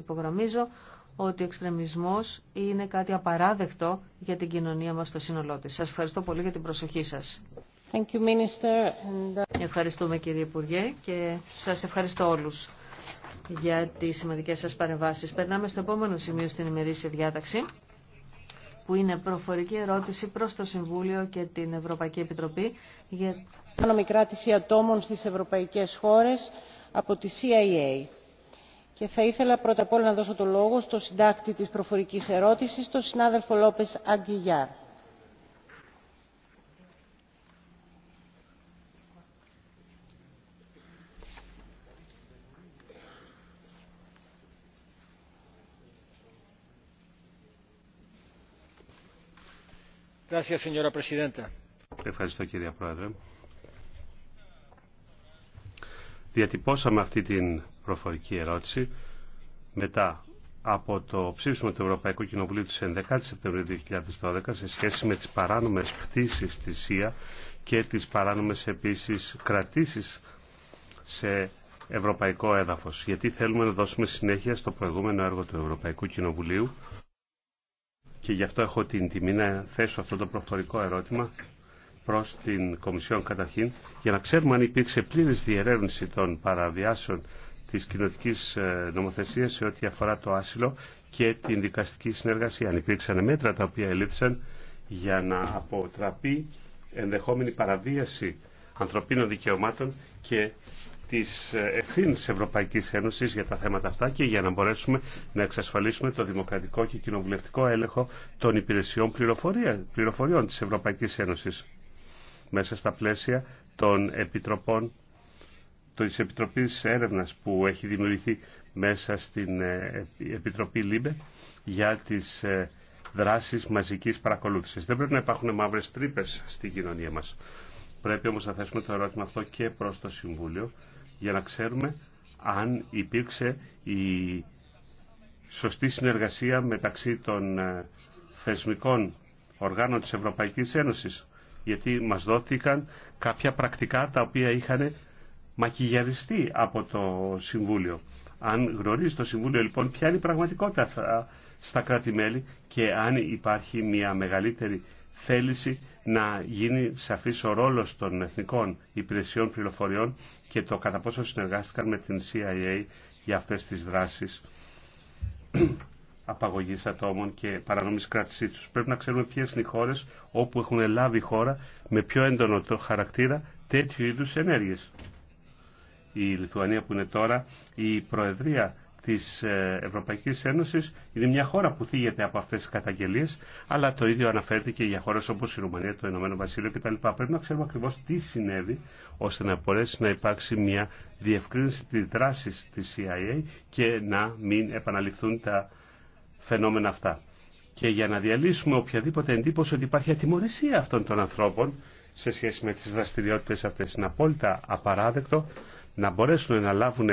υπογραμμίζω ότι ο εξτρεμισμός είναι κάτι απαράδεκτο για την κοινωνία μας στο σύνολό της. Σας ευχαριστώ πολύ για την προσοχή σας. Uh, Ευχαριστούμε κύριε Υπουργέ και σας ευχαριστώ όλους για τις σημαντικές σας παρεμβάσεις. Περνάμε στο επόμενο σημείο στην ημερήσια διάταξη που είναι προφορική ερώτηση προς το Συμβούλιο και την Ευρωπαϊκή Επιτροπή για την κράτηση ατόμων στις ευρωπαϊκές χώρες από τη CIA και θα ήθελα πρώτα απ' όλα να δώσω το λόγο στο συντάκτη της προφορικής ερώτησης, τον συνάδελφο Λόπες Αγγιγιάρ. Ευχαριστώ κύριε Πρόεδρε. Διατυπώσαμε αυτή την προφορική ερώτηση μετά από το ψήφισμα του Ευρωπαϊκού Κοινοβουλίου της 11 Σεπτεμβρίου 2012 σε σχέση με τις παράνομες πτήσεις στη ΣΥΑ και τις παράνομες επίσης κρατήσεις σε ευρωπαϊκό έδαφος. Γιατί θέλουμε να δώσουμε συνέχεια στο προηγούμενο έργο του Ευρωπαϊκού Κοινοβουλίου και γι' αυτό έχω την τιμή να θέσω αυτό το προφορικό ερώτημα Προ την Κομισιόν καταρχήν για να ξέρουμε αν υπήρξε πλήρης διερεύνηση των παραβιάσεων τη κοινοτική ε, νομοθεσία σε ό,τι αφορά το άσυλο και την δικαστική συνεργασία. Αν υπήρξαν μέτρα τα οποία ελήφθησαν για να αποτραπεί ενδεχόμενη παραβίαση ανθρωπίνων δικαιωμάτων και τη ε, ευθύνη τη Ευρωπαϊκή Ένωση για τα θέματα αυτά και για να μπορέσουμε να εξασφαλίσουμε το δημοκρατικό και κοινοβουλευτικό έλεγχο των υπηρεσιών πληροφοριών τη Ευρωπαϊκή Ένωση μέσα στα πλαίσια των επιτροπών της Επιτροπής Έρευνας που έχει δημιουργηθεί μέσα στην ε, Επιτροπή ΛΥΜΠΕ για τις ε, δράσεις μαζικής παρακολούθησης. Δεν πρέπει να υπάρχουν μαύρες τρύπες στη κοινωνία μας. Πρέπει όμως να θέσουμε το ερώτημα αυτό και προς το Συμβούλιο για να ξέρουμε αν υπήρξε η σωστή συνεργασία μεταξύ των ε, θεσμικών οργάνων της Ευρωπαϊκής Ένωσης γιατί μας δόθηκαν κάποια πρακτικά τα οποία είχαν μακιγιαριστεί από το Συμβούλιο. Αν γνωρίζει το Συμβούλιο λοιπόν ποια είναι η πραγματικότητα στα κράτη-μέλη και αν υπάρχει μια μεγαλύτερη θέληση να γίνει σαφής ο ρόλος των εθνικών υπηρεσιών πληροφοριών και το κατά πόσο συνεργάστηκαν με την CIA για αυτές τις δράσεις Απαγωγή ατόμων και παρανόμης κράτησή του. Πρέπει να ξέρουμε ποιε είναι οι χώρε όπου έχουν λάβει η χώρα με πιο έντονο το χαρακτήρα τέτοιου είδου ενέργειε. Η Λιθουανία που είναι τώρα η Προεδρία τη ε, Ευρωπαϊκή Ένωση είναι μια χώρα που θίγεται από αυτέ τι καταγγελίε, αλλά το ίδιο αναφέρεται και για χώρε όπω η Ρουμανία, το Ηνωμένο Βασίλειο κτλ. Πρέπει να ξέρουμε ακριβώ τι συνέβη, ώστε να μπορέσει να υπάρξει μια διευκρίνηση τη δράση τη CIA και να μην επαναληφθούν τα φαινόμενα αυτά. Και για να διαλύσουμε οποιαδήποτε εντύπωση ότι υπάρχει ατιμορρησία αυτών των ανθρώπων σε σχέση με τις δραστηριότητες αυτές. Είναι απόλυτα απαράδεκτο να μπορέσουν να λάβουν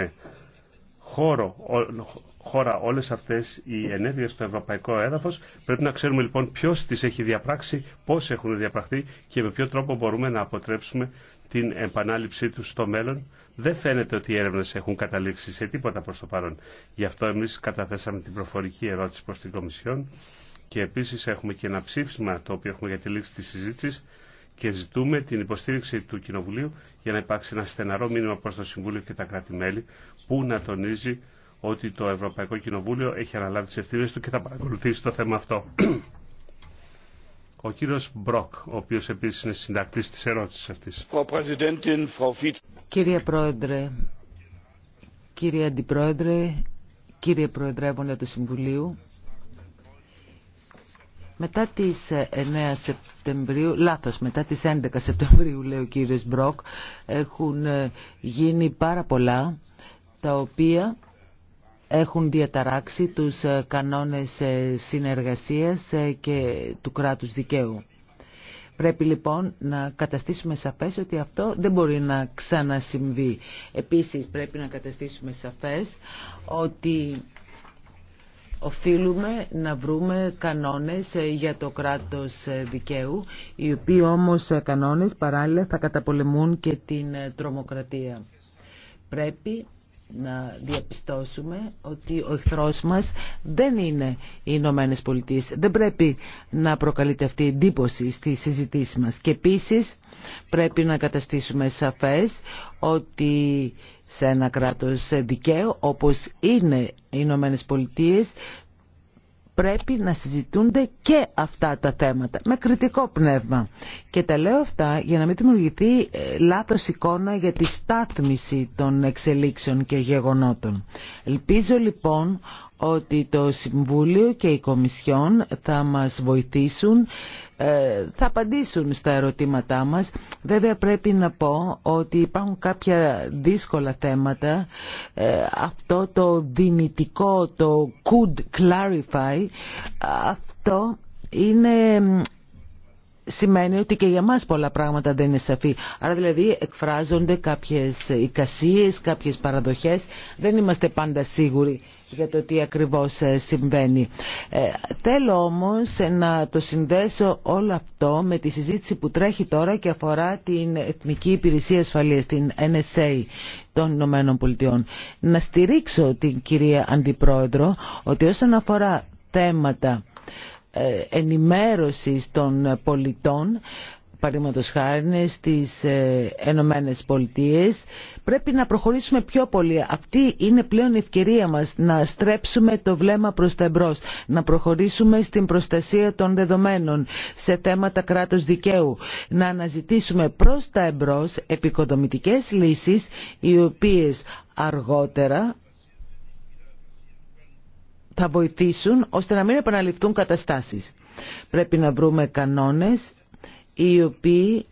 χώρο, χώρα όλες αυτές οι ενέργειες στο ευρωπαϊκό έδαφος. Πρέπει να ξέρουμε λοιπόν ποιος τις έχει διαπράξει, πώς έχουν διαπραχθεί και με ποιο τρόπο μπορούμε να αποτρέψουμε την επανάληψή του στο μέλλον. Δεν φαίνεται ότι οι έρευνες έχουν καταλήξει σε τίποτα προς το παρόν. Γι' αυτό εμείς καταθέσαμε την προφορική ερώτηση προς την Κομισιόν και επίσης έχουμε και ένα ψήφισμα το οποίο έχουμε για τη λήξη της συζήτησης και ζητούμε την υποστήριξη του Κοινοβουλίου για να υπάρξει ένα στεναρό μήνυμα προς το Συμβούλιο και τα κράτη-μέλη που να τονίζει ότι το Ευρωπαϊκό Κοινοβούλιο έχει αναλάβει τις ευθύνες του και θα παρακολουθήσει το θέμα αυτό. Ο κύριος Μπροκ, ο οποίος επίσης είναι συντακτής της ερώτησης αυτής. Κύριε Πρόεδρε, κύριε Αντιπρόεδρε, κύριε Προεδρεύοντα του Συμβουλίου, μετά τις 9 Σεπτεμβρίου, λάθος, μετά τις 11 Σεπτεμβρίου, λέει ο κύριος Μπροκ, έχουν γίνει πάρα πολλά, τα οποία έχουν διαταράξει τους ε, κανόνες ε, συνεργασίας ε, και του κράτους δικαίου. Πρέπει λοιπόν να καταστήσουμε σαφές ότι αυτό δεν μπορεί να ξανασυμβεί. Επίσης πρέπει να καταστήσουμε σαφές ότι οφείλουμε να βρούμε κανόνες για το κράτος δικαίου, οι οποίοι όμως κανόνες παράλληλα θα καταπολεμούν και την τρομοκρατία. Πρέπει να διαπιστώσουμε ότι ο εχθρός μας δεν είναι οι Ηνωμένε Πολιτείε. Δεν πρέπει να προκαλείται αυτή η εντύπωση στη συζητήση μας. Και επίσης πρέπει να καταστήσουμε σαφές ότι σε ένα κράτος δικαίου όπως είναι οι Ηνωμένε Πολιτείε πρέπει να συζητούνται και αυτά τα θέματα με κριτικό πνεύμα. Και τα λέω αυτά για να μην δημιουργηθεί ε, λάθος εικόνα για τη στάθμιση των εξελίξεων και γεγονότων. Ελπίζω λοιπόν ότι το Συμβούλιο και η Κομισιόν θα μας βοηθήσουν ε, θα απαντήσουν στα ερωτήματά μας. Βέβαια πρέπει να πω ότι υπάρχουν κάποια δύσκολα θέματα. Ε, αυτό το δυνητικό, το could clarify, αυτό είναι σημαίνει ότι και για μας πολλά πράγματα δεν είναι σαφή. Άρα δηλαδή εκφράζονται κάποιες εικασίες, κάποιες παραδοχές. Δεν είμαστε πάντα σίγουροι για το τι ακριβώς ε, συμβαίνει. Ε, θέλω όμως ε, να το συνδέσω όλο αυτό με τη συζήτηση που τρέχει τώρα και αφορά την Εθνική Υπηρεσία Ασφαλείας, την NSA των Ηνωμένων Πολιτειών. Να στηρίξω την κυρία Αντιπρόεδρο ότι όσον αφορά θέματα ε, ενημέρωσης των πολιτών παραδείγματος χάρη στις ε, Ενωμένες Πολιτείες πρέπει να προχωρήσουμε πιο πολύ αυτή είναι πλέον η ευκαιρία μας να στρέψουμε το βλέμμα προς τα εμπρός να προχωρήσουμε στην προστασία των δεδομένων σε θέματα κράτος δικαίου να αναζητήσουμε προς τα εμπρός επικοδομητικές λύσεις οι οποίες αργότερα θα βοηθήσουν ώστε να μην επαναληφθούν καταστάσεις. Πρέπει να βρούμε κανόνες οι οποίοι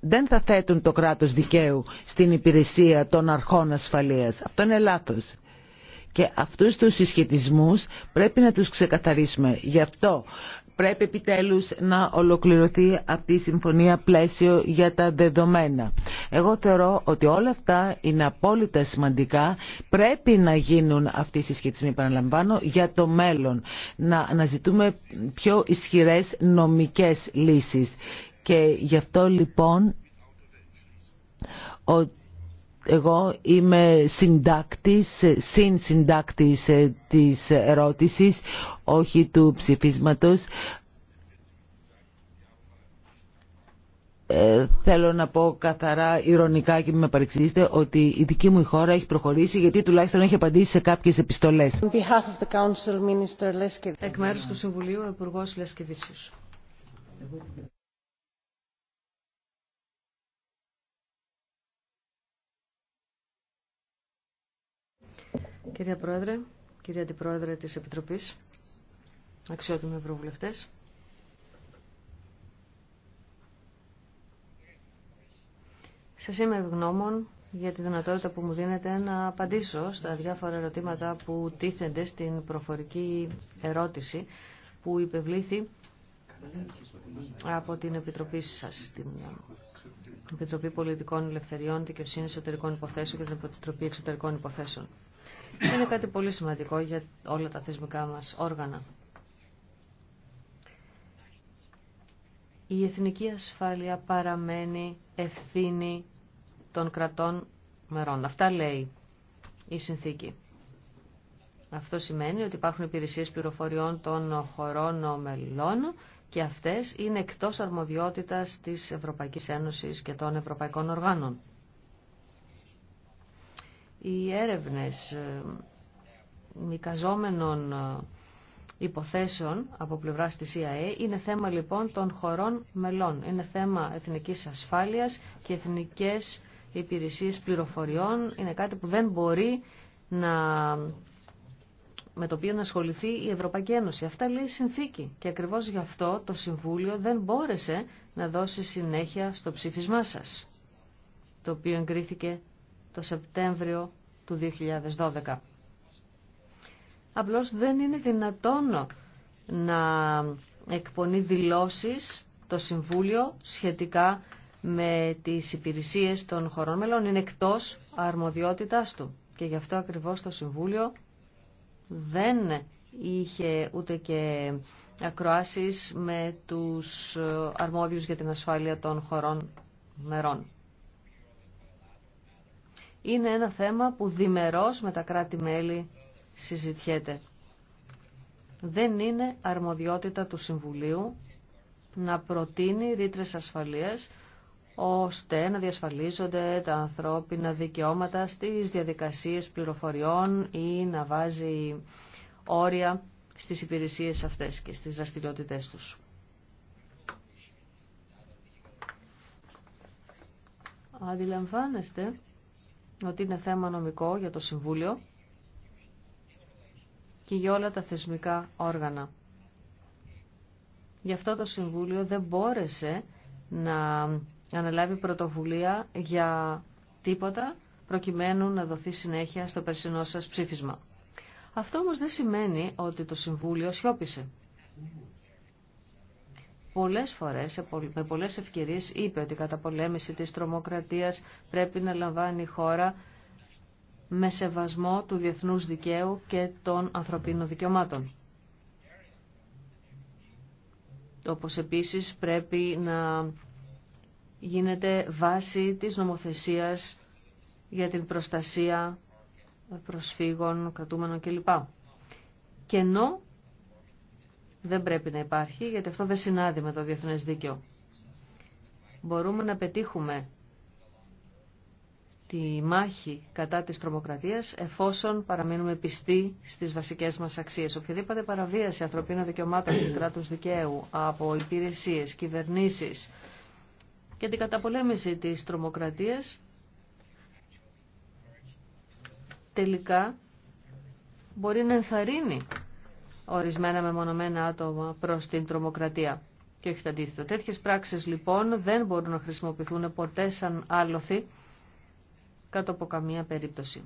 δεν θα θέτουν το κράτος δικαίου στην υπηρεσία των αρχών ασφαλείας. Αυτό είναι λάθος. Και αυτούς τους συσχετισμούς πρέπει να τους ξεκαθαρίσουμε. Γι' αυτό πρέπει επιτέλους να ολοκληρωθεί αυτή η συμφωνία πλαίσιο για τα δεδομένα. Εγώ θεωρώ ότι όλα αυτά είναι απόλυτα σημαντικά. Πρέπει να γίνουν αυτοί οι συσχετισμοί, παραλαμβάνω, για το μέλλον. Να αναζητούμε πιο ισχυρές νομικές λύσεις. Και γι' αυτό λοιπόν εγώ είμαι συντάκτης, ε, συνσυντάκτης ε, της ερώτησης, όχι του ψηφίσματος. Ε, θέλω να πω καθαρά, ηρωνικά και μην με παρεξηγήσετε, ότι η δική μου χώρα έχει προχωρήσει γιατί τουλάχιστον έχει απαντήσει σε κάποιες επιστολές. Εκ μέρους του Συμβουλίου, ο Υπουργός Κυρία Πρόεδρε, κύριε Αντιπρόεδρε της Επιτροπής, αξιότιμοι ευρωβουλευτές. Σας είμαι ευγνώμων για τη δυνατότητα που μου δίνετε να απαντήσω στα διάφορα ερωτήματα που τίθενται στην προφορική ερώτηση που υπευλήθη από την Επιτροπή σας, την Επιτροπή Πολιτικών Ελευθεριών, Δικαιοσύνης Εσωτερικών Υποθέσεων και την Επιτροπή Εξωτερικών Υποθέσεων είναι κάτι πολύ σημαντικό για όλα τα θεσμικά μας όργανα. Η εθνική ασφάλεια παραμένει ευθύνη των κρατών μερών. Αυτά λέει η συνθήκη. Αυτό σημαίνει ότι υπάρχουν υπηρεσίες πληροφοριών των χωρών μελών και αυτές είναι εκτός αρμοδιότητας της Ευρωπαϊκής Ένωσης και των Ευρωπαϊκών Οργάνων οι έρευνες ε, μικαζόμενων ε, υποθέσεων από πλευράς της CIA είναι θέμα λοιπόν των χωρών μελών. Είναι θέμα εθνικής ασφάλειας και εθνικές υπηρεσίες πληροφοριών. Είναι κάτι που δεν μπορεί να με το οποίο να ασχοληθεί η Ευρωπαϊκή Ένωση. Αυτά λέει η συνθήκη και ακριβώς γι' αυτό το Συμβούλιο δεν μπόρεσε να δώσει συνέχεια στο ψήφισμά σας, το οποίο εγκρίθηκε το Σεπτέμβριο του 2012. Απλώς δεν είναι δυνατόν να εκπονεί δηλώσεις το Συμβούλιο σχετικά με τις υπηρεσίες των χωρών μελών. Είναι εκτός αρμοδιότητάς του και γι' αυτό ακριβώς το Συμβούλιο δεν είχε ούτε και ακροάσεις με τους αρμόδιους για την ασφάλεια των χωρών μερών είναι ένα θέμα που διμερώς με τα κράτη-μέλη συζητιέται. Δεν είναι αρμοδιότητα του Συμβουλίου να προτείνει ρήτρε ασφαλείας ώστε να διασφαλίζονται τα ανθρώπινα δικαιώματα στις διαδικασίες πληροφοριών ή να βάζει όρια στις υπηρεσίες αυτές και στις δραστηριότητε τους. Αντιλαμβάνεστε ότι είναι θέμα νομικό για το Συμβούλιο και για όλα τα θεσμικά όργανα. Γι' αυτό το Συμβούλιο δεν μπόρεσε να αναλάβει πρωτοβουλία για τίποτα προκειμένου να δοθεί συνέχεια στο περσινό σας ψήφισμα. Αυτό όμως δεν σημαίνει ότι το Συμβούλιο σιώπησε πολλές φορές, με πολλές ευκαιρίες, είπε ότι η καταπολέμηση της τρομοκρατίας πρέπει να λαμβάνει η χώρα με σεβασμό του διεθνούς δικαίου και των ανθρωπίνων δικαιωμάτων. Όπως επίσης πρέπει να γίνεται βάση της νομοθεσίας για την προστασία προσφύγων, κρατούμενων κλπ. Και ενώ δεν πρέπει να υπάρχει, γιατί αυτό δεν συνάδει με το διεθνές δίκαιο. Μπορούμε να πετύχουμε τη μάχη κατά της τρομοκρατίας εφόσον παραμείνουμε πιστοί στις βασικές μας αξίες. Οποιαδήποτε παραβίαση ανθρωπίνων δικαιωμάτων και κράτους δικαίου από υπηρεσίες, κυβερνήσεις και την καταπολέμηση της τρομοκρατίας τελικά μπορεί να ενθαρρύνει ορισμένα μεμονωμένα άτομα προς την τρομοκρατία. Και όχι το αντίθετο. Τέτοιες πράξεις λοιπόν δεν μπορούν να χρησιμοποιηθούν ποτέ σαν άλοθη κάτω από καμία περίπτωση.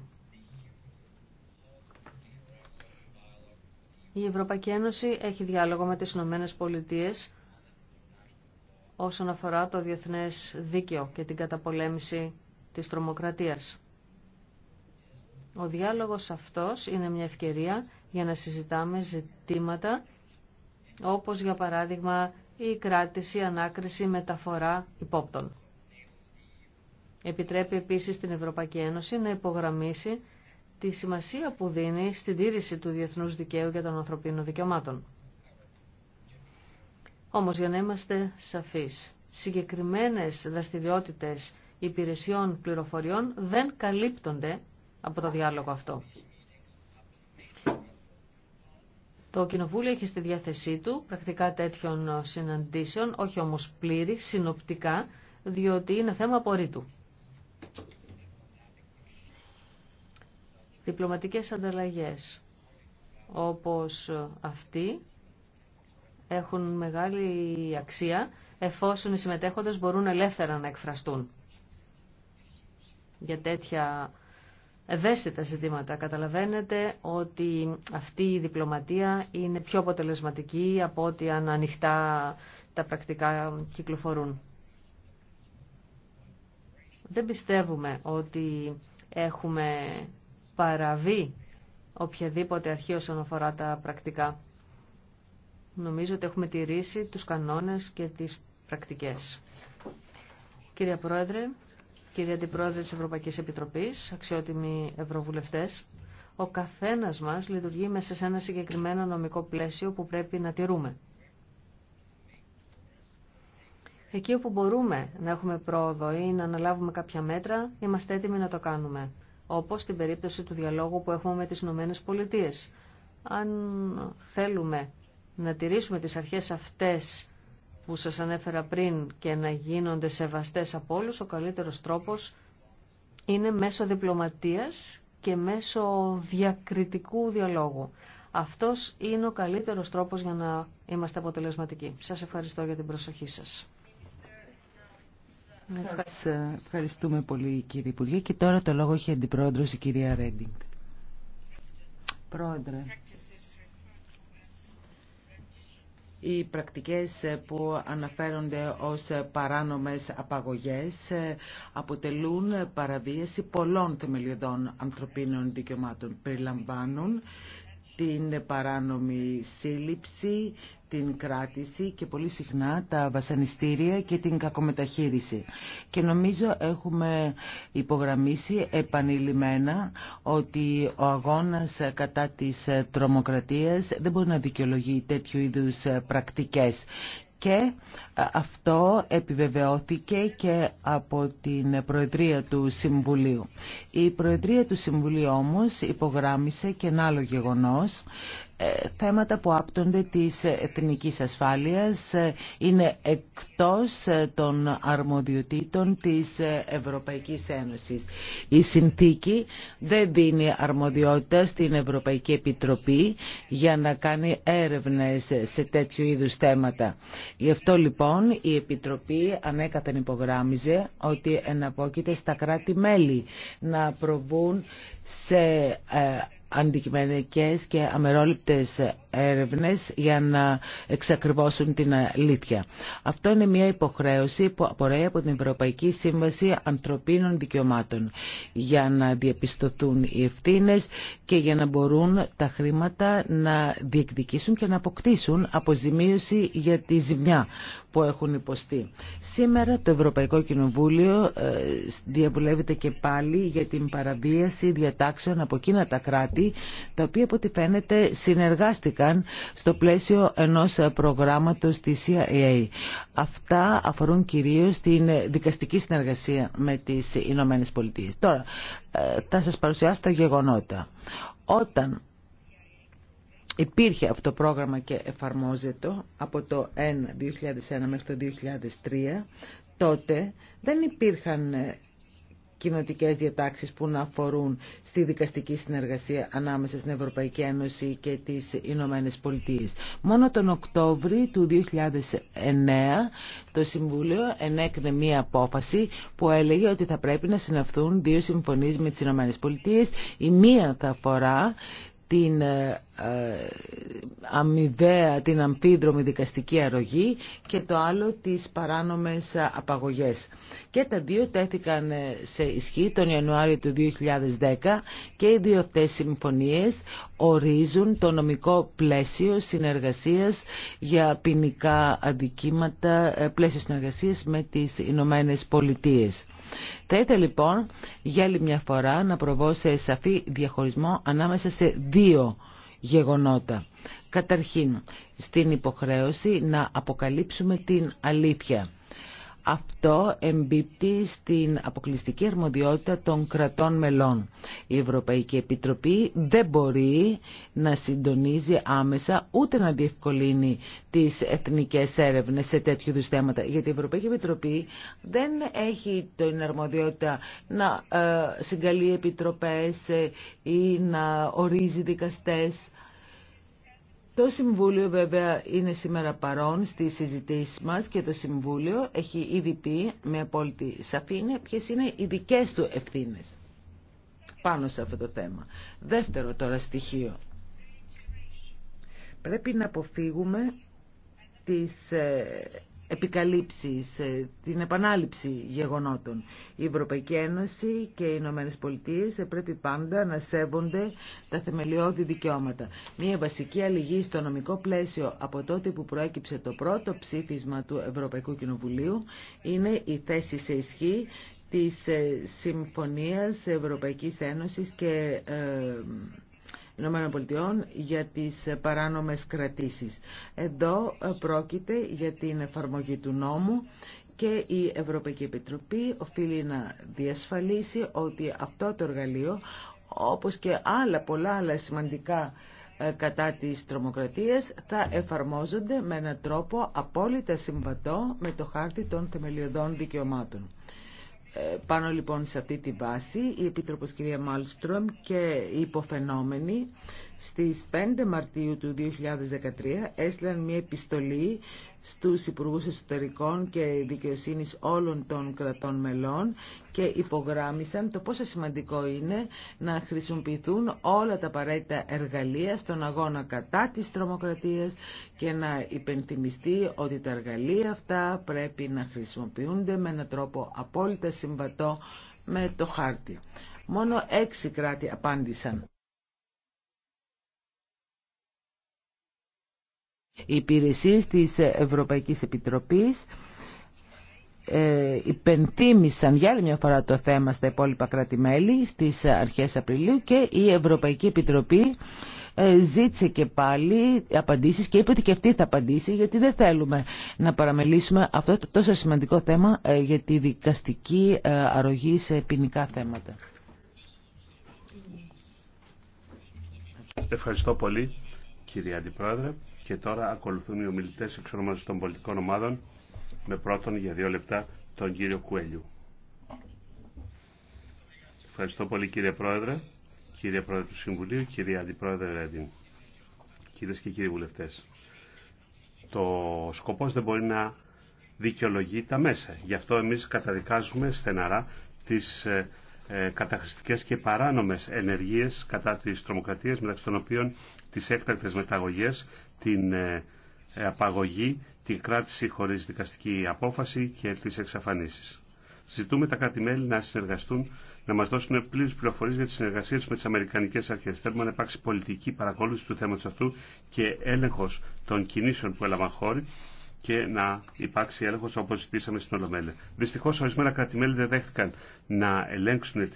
Η Ευρωπαϊκή Ένωση έχει διάλογο με τις Ηνωμένε Πολιτείες όσον αφορά το διεθνές δίκαιο και την καταπολέμηση της τρομοκρατίας. Ο διάλογος αυτός είναι μια ευκαιρία για να συζητάμε ζητήματα όπως για παράδειγμα η κράτηση, ανάκριση, μεταφορά υπόπτων. Επιτρέπει επίσης την Ευρωπαϊκή Ένωση να υπογραμμίσει τη σημασία που δίνει στην τήρηση του διεθνούς δικαίου για των ανθρωπίνων δικαιωμάτων. Όμως για να είμαστε σαφείς, συγκεκριμένες δραστηριότητες υπηρεσιών πληροφοριών δεν καλύπτονται από το διάλογο αυτό. Το Κοινοβούλιο έχει στη διάθεσή του πρακτικά τέτοιων συναντήσεων, όχι όμως πλήρη, συνοπτικά, διότι είναι θέμα απορρίτου. Διπλωματικές ανταλλαγές όπως αυτή έχουν μεγάλη αξία εφόσον οι συμμετέχοντες μπορούν ελεύθερα να εκφραστούν. Για τέτοια ευαίσθητα ζητήματα. Καταλαβαίνετε ότι αυτή η διπλωματία είναι πιο αποτελεσματική από ότι αν ανοιχτά τα πρακτικά κυκλοφορούν. Δεν πιστεύουμε ότι έχουμε παραβεί οποιαδήποτε αρχή όσον αφορά τα πρακτικά. Νομίζω ότι έχουμε τηρήσει τους κανόνες και τις πρακτικές. Κύριε Πρόεδρε, Κύριε Αντιπρόεδρε της Ευρωπαϊκής Επιτροπής, αξιότιμοι ευρωβουλευτές, ο καθένας μας λειτουργεί μέσα σε ένα συγκεκριμένο νομικό πλαίσιο που πρέπει να τηρούμε. Εκεί όπου μπορούμε να έχουμε πρόοδο ή να αναλάβουμε κάποια μέτρα, είμαστε έτοιμοι να το κάνουμε. Όπως στην περίπτωση του διαλόγου που έχουμε με τις Ηνωμένες Πολιτείες. Αν θέλουμε να τηρήσουμε τις αρχές αυτές που σας ανέφερα πριν και να γίνονται σεβαστές από όλους, ο καλύτερος τρόπος είναι μέσω διπλωματίας και μέσω διακριτικού διαλόγου. Αυτός είναι ο καλύτερος τρόπος για να είμαστε αποτελεσματικοί. Σας ευχαριστώ για την προσοχή σας. ευχαριστούμε πολύ κύριε Υπουργέ και τώρα το λόγο έχει αντιπρόεδρος η κυρία Ρέντινγκ οι πρακτικές που αναφέρονται ως παράνομες απαγωγές αποτελούν παραβίαση πολλών θεμελιωδών ανθρωπίνων δικαιωμάτων. Περιλαμβάνουν την παράνομη σύλληψη, την κράτηση και πολύ συχνά τα βασανιστήρια και την κακομεταχείριση. Και νομίζω έχουμε υπογραμμίσει επανειλημμένα ότι ο αγώνας κατά της τρομοκρατίας δεν μπορεί να δικαιολογεί τέτοιου είδους πρακτικές και ε, αυτό επιβεβαιώθηκε και από την Προεδρία του Συμβουλίου. Η Προεδρία του Συμβουλίου όμως υπογράμμισε και ένα άλλο γεγονός ε, θέματα που άπτονται της εθνικής ασφάλειας ε, είναι εκτός ε, των αρμοδιοτήτων της Ευρωπαϊκής Ένωσης. Η συνθήκη δεν δίνει αρμοδιότητα στην Ευρωπαϊκή Επιτροπή για να κάνει έρευνες σε τέτοιου είδους θέματα. Γι' αυτό λοιπόν η Επιτροπή ανέκαθεν υπογράμμιζε ότι εναπόκειται στα κράτη-μέλη να προβούν σε αντικειμενικές και αμερόληπτες έρευνες για να εξακριβώσουν την αλήθεια. Αυτό είναι μια υποχρέωση που απορρέει από την Ευρωπαϊκή Σύμβαση Ανθρωπίνων Δικαιωμάτων για να διαπιστωθούν οι ευθύνε και για να μπορούν τα χρήματα να διεκδικήσουν και να αποκτήσουν αποζημίωση για τη ζημιά που έχουν υποστεί. Σήμερα το Ευρωπαϊκό Κοινοβούλιο ε, διαβουλεύεται και πάλι για την παραβίαση διατάξεων από εκείνα τα κράτη, τα οποία από ό,τι φαίνεται συνεργάστηκαν στο πλαίσιο ενός προγράμματος της CIA. Αυτά αφορούν κυρίως την δικαστική συνεργασία με τις Ηνωμένες Πολιτείες. Τώρα, ε, θα σας παρουσιάσω τα γεγονότα. Όταν Υπήρχε αυτό το πρόγραμμα και εφαρμόζεται από το 2001 μέχρι το 2003. Τότε δεν υπήρχαν ε, κοινοτικέ διατάξει που να αφορούν στη δικαστική συνεργασία ανάμεσα στην Ευρωπαϊκή Ένωση και τι Ηνωμένε Πολιτείε. Μόνο τον Οκτώβρη του 2009 το Συμβούλιο ενέκρινε μία απόφαση που έλεγε ότι θα πρέπει να συναυθούν δύο συμφωνίε με τι Ηνωμένε Πολιτείε. Η μία θα αφορά την ε, ε, αμοιβαία, την αμφίδρομη δικαστική αρρωγή και το άλλο τις παράνομες απαγωγές. Και τα δύο τέθηκαν ε, σε ισχύ τον Ιανουάριο του 2010 και οι δύο αυτές συμφωνίες ορίζουν το νομικό πλαίσιο συνεργασίας για ποινικά αδικήματα, πλαίσιο συνεργασίας με τις Ηνωμένε Πολιτείες. Θα ήθελα λοιπόν για άλλη μια φορά να προβώ σε σαφή διαχωρισμό ανάμεσα σε δύο γεγονότα. Καταρχήν, στην υποχρέωση να αποκαλύψουμε την αλήθεια αυτό εμπίπτει στην αποκλειστική αρμοδιότητα των κρατών μελών. Η Ευρωπαϊκή Επιτροπή δεν μπορεί να συντονίζει άμεσα ούτε να διευκολύνει τις εθνικές έρευνες σε τέτοιου είδους θέματα. Γιατί η Ευρωπαϊκή Επιτροπή δεν έχει την αρμοδιότητα να ε, συγκαλεί επιτροπές ε, ή να ορίζει δικαστές. Το Συμβούλιο βέβαια είναι σήμερα παρόν στη συζητήση μας και το Συμβούλιο έχει ήδη πει με απόλυτη σαφήνεια ποιες είναι οι δικές του ευθύνες πάνω σε αυτό το θέμα. Δεύτερο τώρα στοιχείο. Πρέπει να αποφύγουμε τις ε, επικαλύψεις, ε, την επανάληψη γεγονότων. Η Ευρωπαϊκή Ένωση και οι Ηνωμένες Πολιτείες ε, πρέπει πάντα να σέβονται τα θεμελιώδη δικαιώματα. Μία βασική αλληγή στο νομικό πλαίσιο από τότε που προέκυψε το πρώτο ψήφισμα του Ευρωπαϊκού Κοινοβουλίου είναι η θέση σε ισχύ της ε, Συμφωνίας Ευρωπαϊκής Ένωσης και ΗΠΑ για τις παράνομες κρατήσεις. Εδώ ε, πρόκειται για την εφαρμογή του νόμου και η Ευρωπαϊκή Επιτροπή οφείλει να διασφαλίσει ότι αυτό το εργαλείο, όπως και άλλα πολλά άλλα σημαντικά ε, κατά της τρομοκρατίας θα εφαρμόζονται με έναν τρόπο απόλυτα συμβατό με το χάρτη των θεμελιωδών δικαιωμάτων. Ε, πάνω λοιπόν σε αυτή τη βάση η Επίτροπος κυρία Μάλστρομ και οι υποφαινόμενοι στις 5 Μαρτίου του 2013 έστειλαν μια επιστολή στους Υπουργούς Εσωτερικών και Δικαιοσύνης όλων των κρατών μελών και υπογράμμισαν το πόσο σημαντικό είναι να χρησιμοποιηθούν όλα τα απαραίτητα εργαλεία στον αγώνα κατά της τρομοκρατίας και να υπενθυμιστεί ότι τα εργαλεία αυτά πρέπει να χρησιμοποιούνται με έναν τρόπο απόλυτα συμβατό με το χάρτη. Μόνο έξι κράτη απάντησαν. Οι υπηρεσίες της Ευρωπαϊκής Επιτροπής ε, υπενθύμησαν για άλλη μια φορά το θέμα στα υπόλοιπα κράτη-μέλη στις αρχές Απριλίου και η Ευρωπαϊκή Επιτροπή ε, ζήτησε και πάλι απαντήσεις και είπε ότι και αυτή θα απαντήσει γιατί δεν θέλουμε να παραμελήσουμε αυτό το τόσο σημαντικό θέμα ε, για τη δικαστική ε, αρρωγή σε ποινικά θέματα. Ευχαριστώ πολύ κύριε Αντιπρόεδρε. Και τώρα ακολουθούν οι ομιλητέ εξ των πολιτικών ομάδων με πρώτον για δύο λεπτά τον κύριο Κουέλιου. Ευχαριστώ πολύ κύριε Πρόεδρε, κύριε Πρόεδρε του Συμβουλίου, κύριε Αντιπρόεδρε Ρέντιν, κυρίες και κύριοι βουλευτέ, Το σκοπός δεν μπορεί να δικαιολογεί τα μέσα. Γι' αυτό εμεί καταδικάζουμε στεναρά τι. Ε, ε, καταχρηστικές και παράνομες ενεργείες κατά της τρομοκρατίας μεταξύ των οποίων τις έκτακτες μεταγωγές, την ε, ε, απαγωγή, την κράτηση χωρίς δικαστική απόφαση και τις εξαφανίσεις. Ζητούμε τα κράτη-μέλη να συνεργαστούν, να μα δώσουν πλήρε πληροφορίε για τη συνεργασία του με τις Αμερικανικές αρχές. Θέλουμε να υπάρξει πολιτική παρακολούθηση του θέματο αυτού και έλεγχο των κινήσεων που έλαβαν χώροι και να υπάρξει έλεγχο όπω ζητήσαμε στην Ολομέλεια. Δυστυχώ, ορισμένα κράτη-μέλη δεν δέχτηκαν να ελέγξουν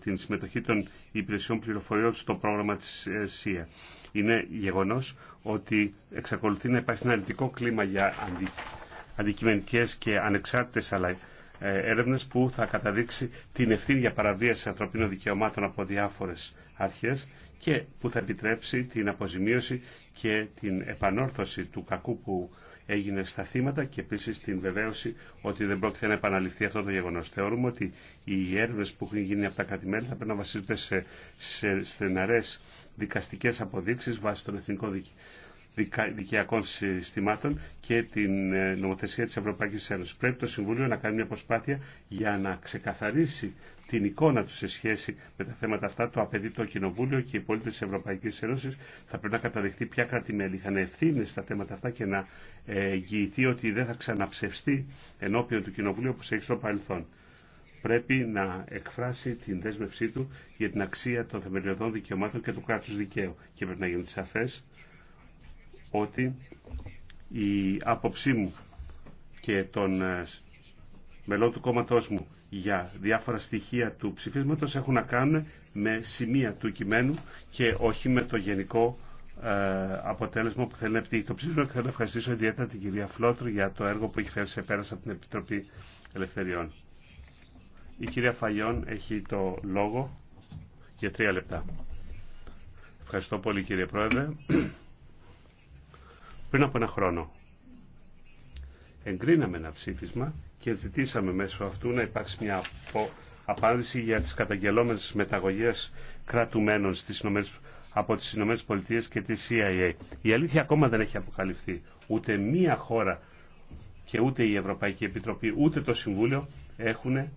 την συμμετοχή των υπηρεσιών πληροφοριών στο πρόγραμμα τη ε, ΣΥΑ. Είναι γεγονό ότι εξακολουθεί να υπάρχει ένα αρνητικό κλίμα για αντικειμενικέ και ανεξάρτητε ε, έρευνε που θα καταδείξει την ευθύνη για παραβίαση ανθρωπίνων δικαιωμάτων από διάφορες αρχές και που θα επιτρέψει την αποζημίωση και την επανόρθωση του κακού που έγινε στα θύματα και επίση την βεβαίωση ότι δεν πρόκειται να επαναληφθεί αυτό το γεγονό. Θεωρούμε ότι οι έρευνε που έχουν γίνει από τα κατημέρια θα πρέπει να βασίζονται σε, σε στεναρέ δικαστικέ αποδείξει βάσει των εθνικών δικαιακών συστημάτων και την ε, νομοθεσία της Ευρωπαϊκής Ένωσης. Πρέπει το Συμβούλιο να κάνει μια προσπάθεια για να ξεκαθαρίσει την εικόνα του σε σχέση με τα θέματα αυτά. Το απαιτεί το Κοινοβούλιο και οι πολίτες της Ευρωπαϊκής Ένωσης θα πρέπει να καταδεχτεί ποια κράτη-μέλη είχαν ευθύνε στα θέματα αυτά και να ε, εγγυηθεί ότι δεν θα ξαναψευστεί ενώπιον του Κοινοβουλίου όπως έχει στο παρελθόν πρέπει να εκφράσει την δέσμευσή του για την αξία των θεμελιωδών δικαιωμάτων και του κράτους δικαίου. Και πρέπει να γίνει σαφές ότι η άποψή μου και των ε, μελών του κόμματός μου για διάφορα στοιχεία του ψηφίσματος έχουν να κάνουν με σημεία του κειμένου και όχι με το γενικό ε, αποτέλεσμα που θέλει να επιτύχει το ψήφισμα και θέλω να ευχαριστήσω ιδιαίτερα την κυρία Φλότρου για το έργο που έχει φέρει σε πέρα από την Επιτροπή Ελευθεριών. Η κυρία Φαγιών έχει το λόγο για τρία λεπτά. Ευχαριστώ πολύ κύριε Πρόεδρε πριν από ένα χρόνο. Εγκρίναμε ένα ψήφισμα και ζητήσαμε μέσω αυτού να υπάρξει μια απάντηση για τις καταγγελόμενες μεταγωγές κρατουμένων στις νομές από τις ΗΠΑ και τη CIA. Η αλήθεια ακόμα δεν έχει αποκαλυφθεί. Ούτε μία χώρα και ούτε η Ευρωπαϊκή Επιτροπή ούτε το Συμβούλιο έχουν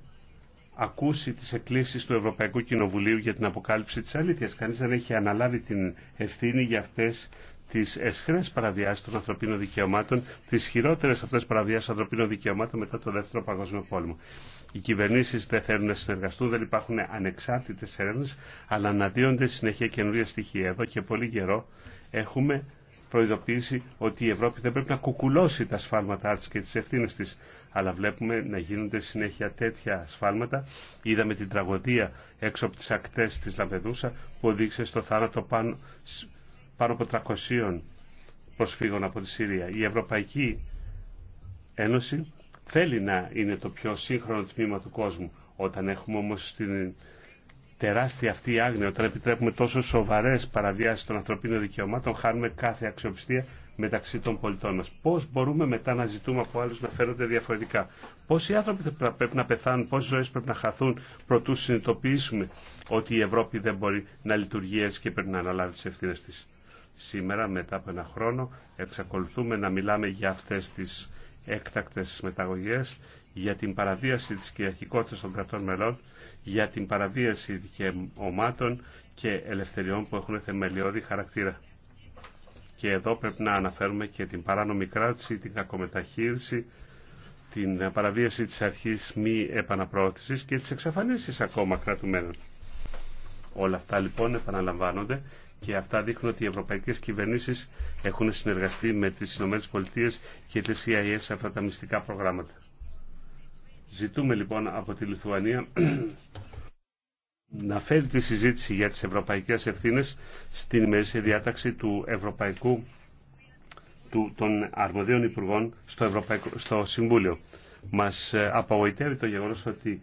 ακούσει τις εκκλήσεις του Ευρωπαϊκού Κοινοβουλίου για την αποκάλυψη της αλήθειας. Κανείς δεν έχει αναλάβει την ευθύνη για αυτές τις εσχρές παραβιάσεις των ανθρωπίνων δικαιωμάτων, τις χειρότερες αυτές παραβιάσεις ανθρωπίνων δικαιωμάτων μετά το Δεύτερο Παγκόσμιο Πόλεμο. Οι κυβερνήσεις δεν θέλουν να συνεργαστούν, δεν υπάρχουν ανεξάρτητες έρευνες, αλλά αναδύονται συνέχεια καινούργια στοιχεία. Εδώ και πολύ καιρό έχουμε προειδοποιήσει ότι η Ευρώπη δεν πρέπει να κουκουλώσει τα σφάλματά της και τις ευθύνε της. Αλλά βλέπουμε να γίνονται συνέχεια τέτοια σφάλματα. Είδαμε την τραγωδία έξω από τις ακτές της Λαμπεδούσα που οδήγησε στο θάνατο πάνω πάνω από 300 προσφύγων από τη Συρία. Η Ευρωπαϊκή Ένωση θέλει να είναι το πιο σύγχρονο τμήμα του κόσμου. Όταν έχουμε όμως την τεράστια αυτή άγνοια, όταν επιτρέπουμε τόσο σοβαρές παραβιάσεις των ανθρωπίνων δικαιωμάτων, χάνουμε κάθε αξιοπιστία μεταξύ των πολιτών μας. Πώς μπορούμε μετά να ζητούμε από άλλους να φέρονται διαφορετικά. Πόσοι άνθρωποι πρέπει να πεθάνουν, πόσες ζωές πρέπει να χαθούν προτού συνειδητοποιήσουμε ότι η Ευρώπη δεν μπορεί να λειτουργεί έτσι και πρέπει να αναλάβει τι ευθύνε. της. Σήμερα, μετά από ένα χρόνο, εξακολουθούμε να μιλάμε για αυτές τις έκτακτες μεταγωγές, για την παραβίαση της κυριαρχικότητας των κρατών μελών, για την παραβίαση δικαιωμάτων και ελευθεριών που έχουν θεμελιώδη χαρακτήρα. Και εδώ πρέπει να αναφέρουμε και την παράνομη κράτηση, την κακομεταχείριση, την παραβίαση της αρχής μη επαναπρόθεσης και τις εξαφανίσεις ακόμα κρατουμένων. Όλα αυτά λοιπόν επαναλαμβάνονται και αυτά δείχνουν ότι οι ευρωπαϊκές κυβερνήσεις έχουν συνεργαστεί με τις ΗΠΑ και τις CIA σε αυτά τα μυστικά προγράμματα. Ζητούμε λοιπόν από τη Λιθουανία να φέρει τη συζήτηση για τις ευρωπαϊκές ευθύνες στην ημερήσια διάταξη του Ευρωπαϊκού των αρμοδίων υπουργών στο, Ευρωπαϊκό, στο Συμβούλιο. Μας ε, απογοητεύει το γεγονός ότι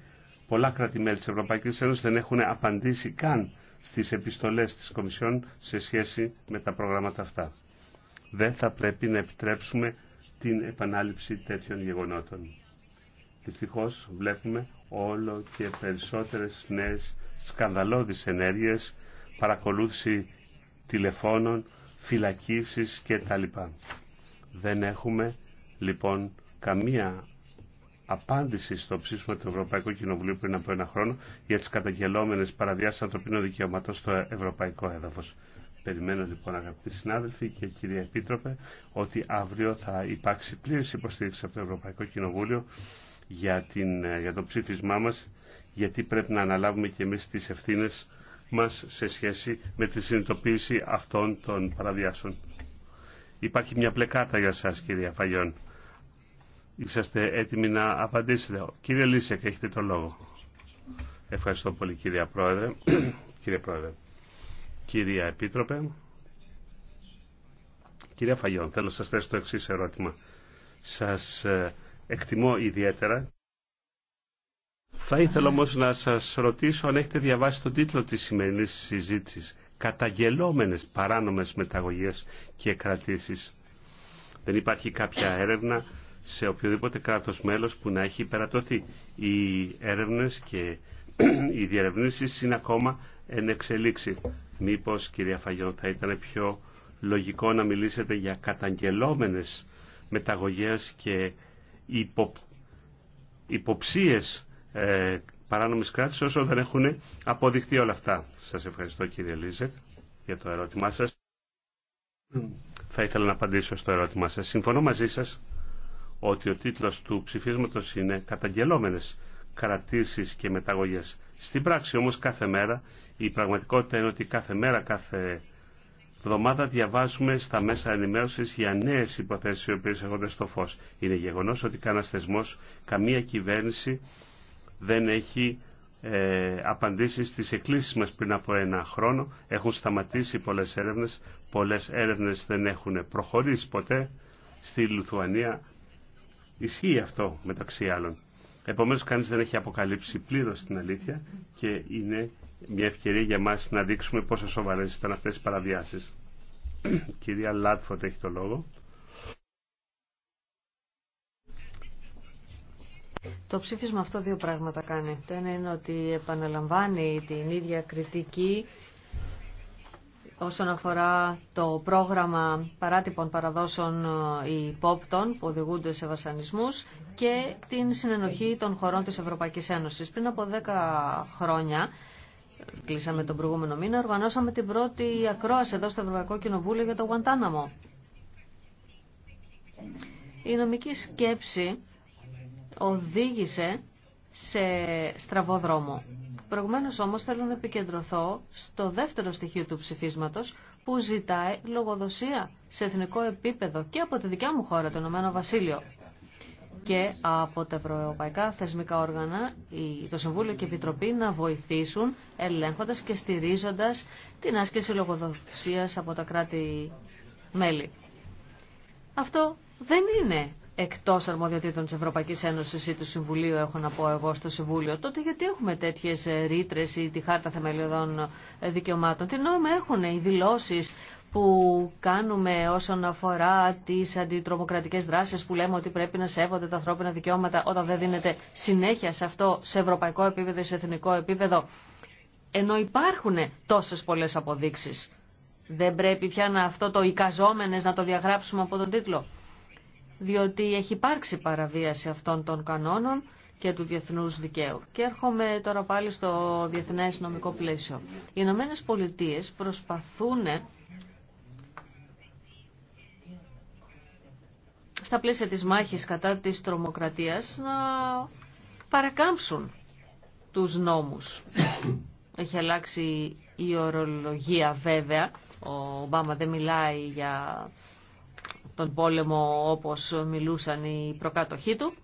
πολλά κράτη-μέλη της Ευρωπαϊκής Ένωσης δεν έχουν απαντήσει καν στις επιστολές της Κομισιόν σε σχέση με τα προγράμματα αυτά. Δεν θα πρέπει να επιτρέψουμε την επανάληψη τέτοιων γεγονότων. Δυστυχώς βλέπουμε όλο και περισσότερες νέες σκανδαλώδεις ενέργειες, παρακολούθηση τηλεφώνων, φυλακίσεις κτλ. Δεν έχουμε λοιπόν καμία απάντηση στο ψήφισμα του Ευρωπαϊκού Κοινοβουλίου πριν από ένα χρόνο για τι καταγγελόμενες παραβιάσεις ανθρωπίνων δικαιωμάτων στο ευρωπαϊκό Έδαφο. Περιμένω λοιπόν αγαπητοί συνάδελφοι και κυρία Επίτροπε ότι αύριο θα υπάρξει πλήρης υποστήριξη από το Ευρωπαϊκό Κοινοβούλιο για, την, για το ψήφισμά μα, γιατί πρέπει να αναλάβουμε και εμεί τι ευθύνε μα σε σχέση με τη συνειδητοποίηση αυτών των παραβιάσεων. Υπάρχει μια πλεκάτα για σας κυρία Φαγιόν. Είσαστε έτοιμοι να απαντήσετε. Κύριε Λίσεκ, έχετε το λόγο. Ευχαριστώ πολύ κύριε Πρόεδρε. κύριε Πρόεδρε. Κυρία Επίτροπε. Κυρία Φαγιόν, θέλω να σας θέσω το εξής ερώτημα. Σας ε, εκτιμώ ιδιαίτερα. Θα ήθελα όμως να σας ρωτήσω αν έχετε διαβάσει τον τίτλο της σημερινής συζήτησης. Καταγελόμενες παράνομες μεταγωγές και κρατήσεις. Δεν υπάρχει κάποια έρευνα σε οποιοδήποτε κράτος μέλος που να έχει υπερατωθεί. Οι έρευνες και οι διερευνήσεις είναι ακόμα εν εξελίξη. Μήπως, κυρία Φαγιόν, θα ήταν πιο λογικό να μιλήσετε για καταγγελόμενες μεταγωγές και υπο, υποψίες ε, παράνομης κράτης όσο δεν έχουν αποδειχθεί όλα αυτά. Σας ευχαριστώ κύριε Λίζε, για το ερώτημά σας. Θα ήθελα να απαντήσω στο ερώτημά σας. Συμφωνώ μαζί σας ότι ο τίτλος του ψηφίσματος είναι «Καταγγελόμενες κρατήσεις και μεταγωγές». Στην πράξη όμως κάθε μέρα, η πραγματικότητα είναι ότι κάθε μέρα, κάθε εβδομάδα διαβάζουμε στα μέσα ενημέρωσης για νέες υποθέσεις οι οποίες έχονται στο φως. Είναι γεγονός ότι κανένα θεσμό, καμία κυβέρνηση δεν έχει ε, απαντήσει στις εκκλήσεις μας πριν από ένα χρόνο. Έχουν σταματήσει πολλές έρευνες, πολλές έρευνες δεν έχουν προχωρήσει ποτέ στη Λουθουανία Ισχύει αυτό μεταξύ άλλων. Επομένως κανείς δεν έχει αποκαλύψει πλήρως την αλήθεια και είναι μια ευκαιρία για μας να δείξουμε πόσο σοβαρές ήταν αυτές οι παραβιάσεις. κυρία Λάτφορτ έχει το λόγο. Το ψήφισμα αυτό δύο πράγματα κάνει. Το ένα είναι ότι επαναλαμβάνει την ίδια κριτική όσον αφορά το πρόγραμμα παράτυπων παραδόσεων ε, υπόπτων που οδηγούνται σε βασανισμούς και την συνενοχή των χωρών της Ευρωπαϊκής Ένωσης. Πριν από δέκα χρόνια, κλείσαμε τον προηγούμενο μήνα, οργανώσαμε την πρώτη ακρόαση εδώ στο Ευρωπαϊκό Κοινοβούλιο για το Γουαντάναμο. Η νομική σκέψη οδήγησε σε στραβό Προηγουμένως όμως θέλω να επικεντρωθώ στο δεύτερο στοιχείο του ψηφίσματος που ζητάει λογοδοσία σε εθνικό επίπεδο και από τη δικιά μου χώρα, το Ηνωμένο Βασίλειο και από τα ευρωπαϊκά θεσμικά όργανα, το Συμβούλιο και η Επιτροπή να βοηθήσουν ελέγχοντας και στηρίζοντας την άσκηση λογοδοσίας από τα κράτη-μέλη. Αυτό δεν είναι εκτός αρμοδιοτήτων της Ευρωπαϊκής Ένωσης ή του Συμβουλίου, έχω να πω εγώ στο Συμβούλιο, τότε γιατί έχουμε τέτοιες ε, ρήτρε ή τη Χάρτα Θεμελιωδών ε, Δικαιωμάτων. Τι νόημα έχουν οι δηλώσεις που κάνουμε όσον αφορά τις αντιτρομοκρατικές δράσεις που λέμε ότι πρέπει να σέβονται τα ανθρώπινα δικαιώματα όταν δεν δίνεται συνέχεια σε αυτό σε ευρωπαϊκό επίπεδο ή σε εθνικό επίπεδο. Ενώ υπάρχουν τόσες πολλές αποδείξεις. Δεν πρέπει πια να αυτό το «Οικαζόμενες» να το διαγράψουμε από τον τίτλο διότι έχει υπάρξει παραβίαση αυτών των κανόνων και του διεθνούς δικαίου. Και έρχομαι τώρα πάλι στο διεθνές νομικό πλαίσιο. Οι Ηνωμένε Πολιτείε προσπαθούν στα πλαίσια της μάχης κατά της τρομοκρατίας να παρακάμψουν τους νόμους. Έχει αλλάξει η ορολογία βέβαια. Ο Ομπάμα δεν μιλάει για τον πόλεμο όπως μιλούσαν οι προκάτοχοί του.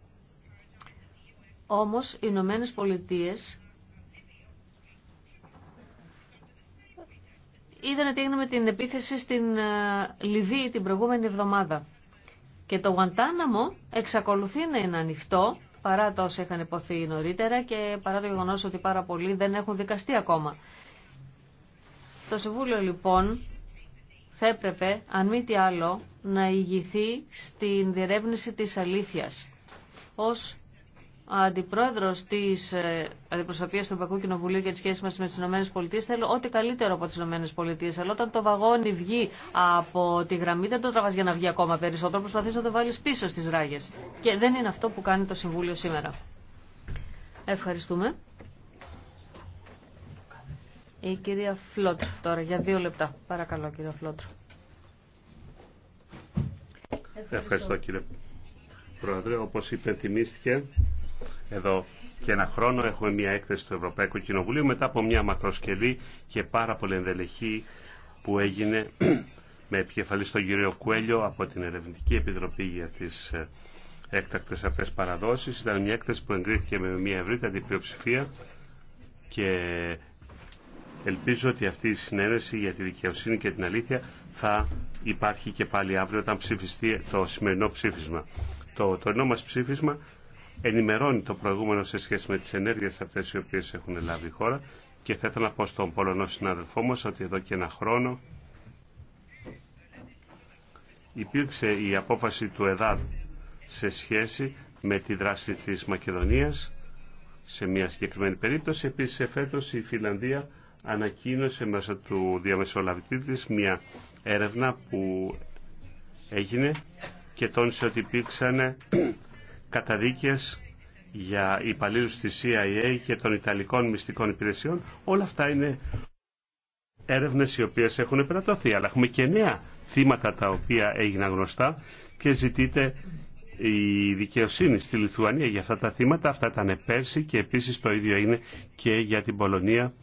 Όμως οι Ηνωμένε Πολιτείε είδαν ότι έγινε με την επίθεση στην ε, Λιβύη την προηγούμενη εβδομάδα. Και το Γουαντάναμο εξακολουθεί να είναι ανοιχτό παρά το όσα είχαν υποθεί νωρίτερα και παρά το γεγονός ότι πάρα πολλοί δεν έχουν δικαστεί ακόμα. Το Συμβούλιο λοιπόν θα έπρεπε, αν μη τι άλλο, να ηγηθεί στην διερεύνηση της αλήθειας. Ως αντιπρόεδρος της ε, αντιπροσωπείας του Πακού Κοινοβουλίου για τις σχέσεις μας με τις ΗΠΑ, θέλω ό,τι καλύτερο από τις ΗΠΑ. Αλλά όταν το βαγόνι βγει από τη γραμμή, δεν το τραβάς για να βγει ακόμα περισσότερο, προσπαθείς να το βάλεις πίσω στις ράγες. Και δεν είναι αυτό που κάνει το Συμβούλιο σήμερα. Ευχαριστούμε. Η κυρία Φλότρ τώρα για δύο λεπτά. Παρακαλώ κύριε Φλότρ. Ευχαριστώ. Ευχαριστώ κύριε Πρόεδρε. Όπως υπενθυμίστηκε εδώ και ένα χρόνο έχουμε μια έκθεση του Ευρωπαϊκού Κοινοβουλίου μετά από μια μακροσκελή και πάρα πολύ ενδελεχή που έγινε με επικεφαλή στον κύριο Κουέλιο από την Ερευνητική Επιτροπή για τις ε, έκτακτες αυτές παραδόσεις. Ήταν μια έκθεση που εγκρίθηκε με μια ευρύτατη πλειοψηφία και Ελπίζω ότι αυτή η συνένεση για τη δικαιοσύνη και την αλήθεια θα υπάρχει και πάλι αύριο όταν ψηφιστεί το σημερινό ψήφισμα. Το τωρινό μας ψήφισμα ενημερώνει το προηγούμενο σε σχέση με τις ενέργειες αυτές οι οποίες έχουν λάβει η χώρα και θα ήθελα να πω στον Πολωνό συνάδελφό μας ότι εδώ και ένα χρόνο υπήρξε η απόφαση του ΕΔΑΔ σε σχέση με τη δράση της Μακεδονίας σε μια συγκεκριμένη περίπτωση. Επίσης εφέτος η Φιλανδία ανακοίνωσε μέσα του διαμεσολαβητή της μια έρευνα που έγινε και τόνισε ότι υπήρξαν καταδίκες για υπαλλήλου τη CIA και των Ιταλικών μυστικών υπηρεσιών. Όλα αυτά είναι έρευνες οι οποίες έχουν επερατωθεί, Αλλά έχουμε και νέα θύματα τα οποία έγιναν γνωστά και ζητείται η δικαιοσύνη στη Λιθουανία για αυτά τα θύματα. Αυτά ήταν πέρσι και επίσης το ίδιο είναι και για την Πολωνία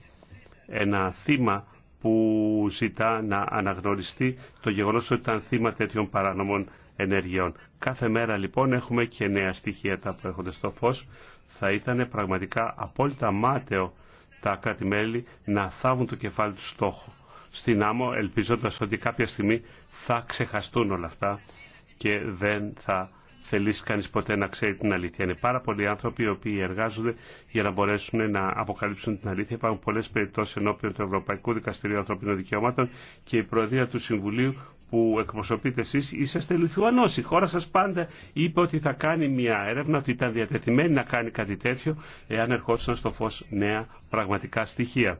ένα θύμα που ζητά να αναγνωριστεί το γεγονός ότι ήταν θύμα τέτοιων παράνομων ενεργειών. Κάθε μέρα λοιπόν έχουμε και νέα στοιχεία τα που έρχονται στο φως. Θα ήταν πραγματικά απόλυτα μάταιο τα κράτη-μέλη να θάβουν το κεφάλι του στόχο στην άμμο ελπίζοντας ότι κάποια στιγμή θα ξεχαστούν όλα αυτά και δεν θα θελήσει κανείς ποτέ να ξέρει την αλήθεια. Είναι πάρα πολλοί άνθρωποι οι οποίοι εργάζονται για να μπορέσουν να αποκαλύψουν την αλήθεια. Υπάρχουν πολλές περιπτώσεις ενώπιον του Ευρωπαϊκού Δικαστηρίου Ανθρωπίνων Δικαιωμάτων και η Προεδρία του Συμβουλίου που εκπροσωπείτε εσείς είσαστε Λιθουανός. Η χώρα σας πάντα είπε ότι θα κάνει μια έρευνα, ότι ήταν διατεθειμένη να κάνει κάτι τέτοιο εάν ερχόντουσαν στο φως νέα πραγματικά στοιχεία.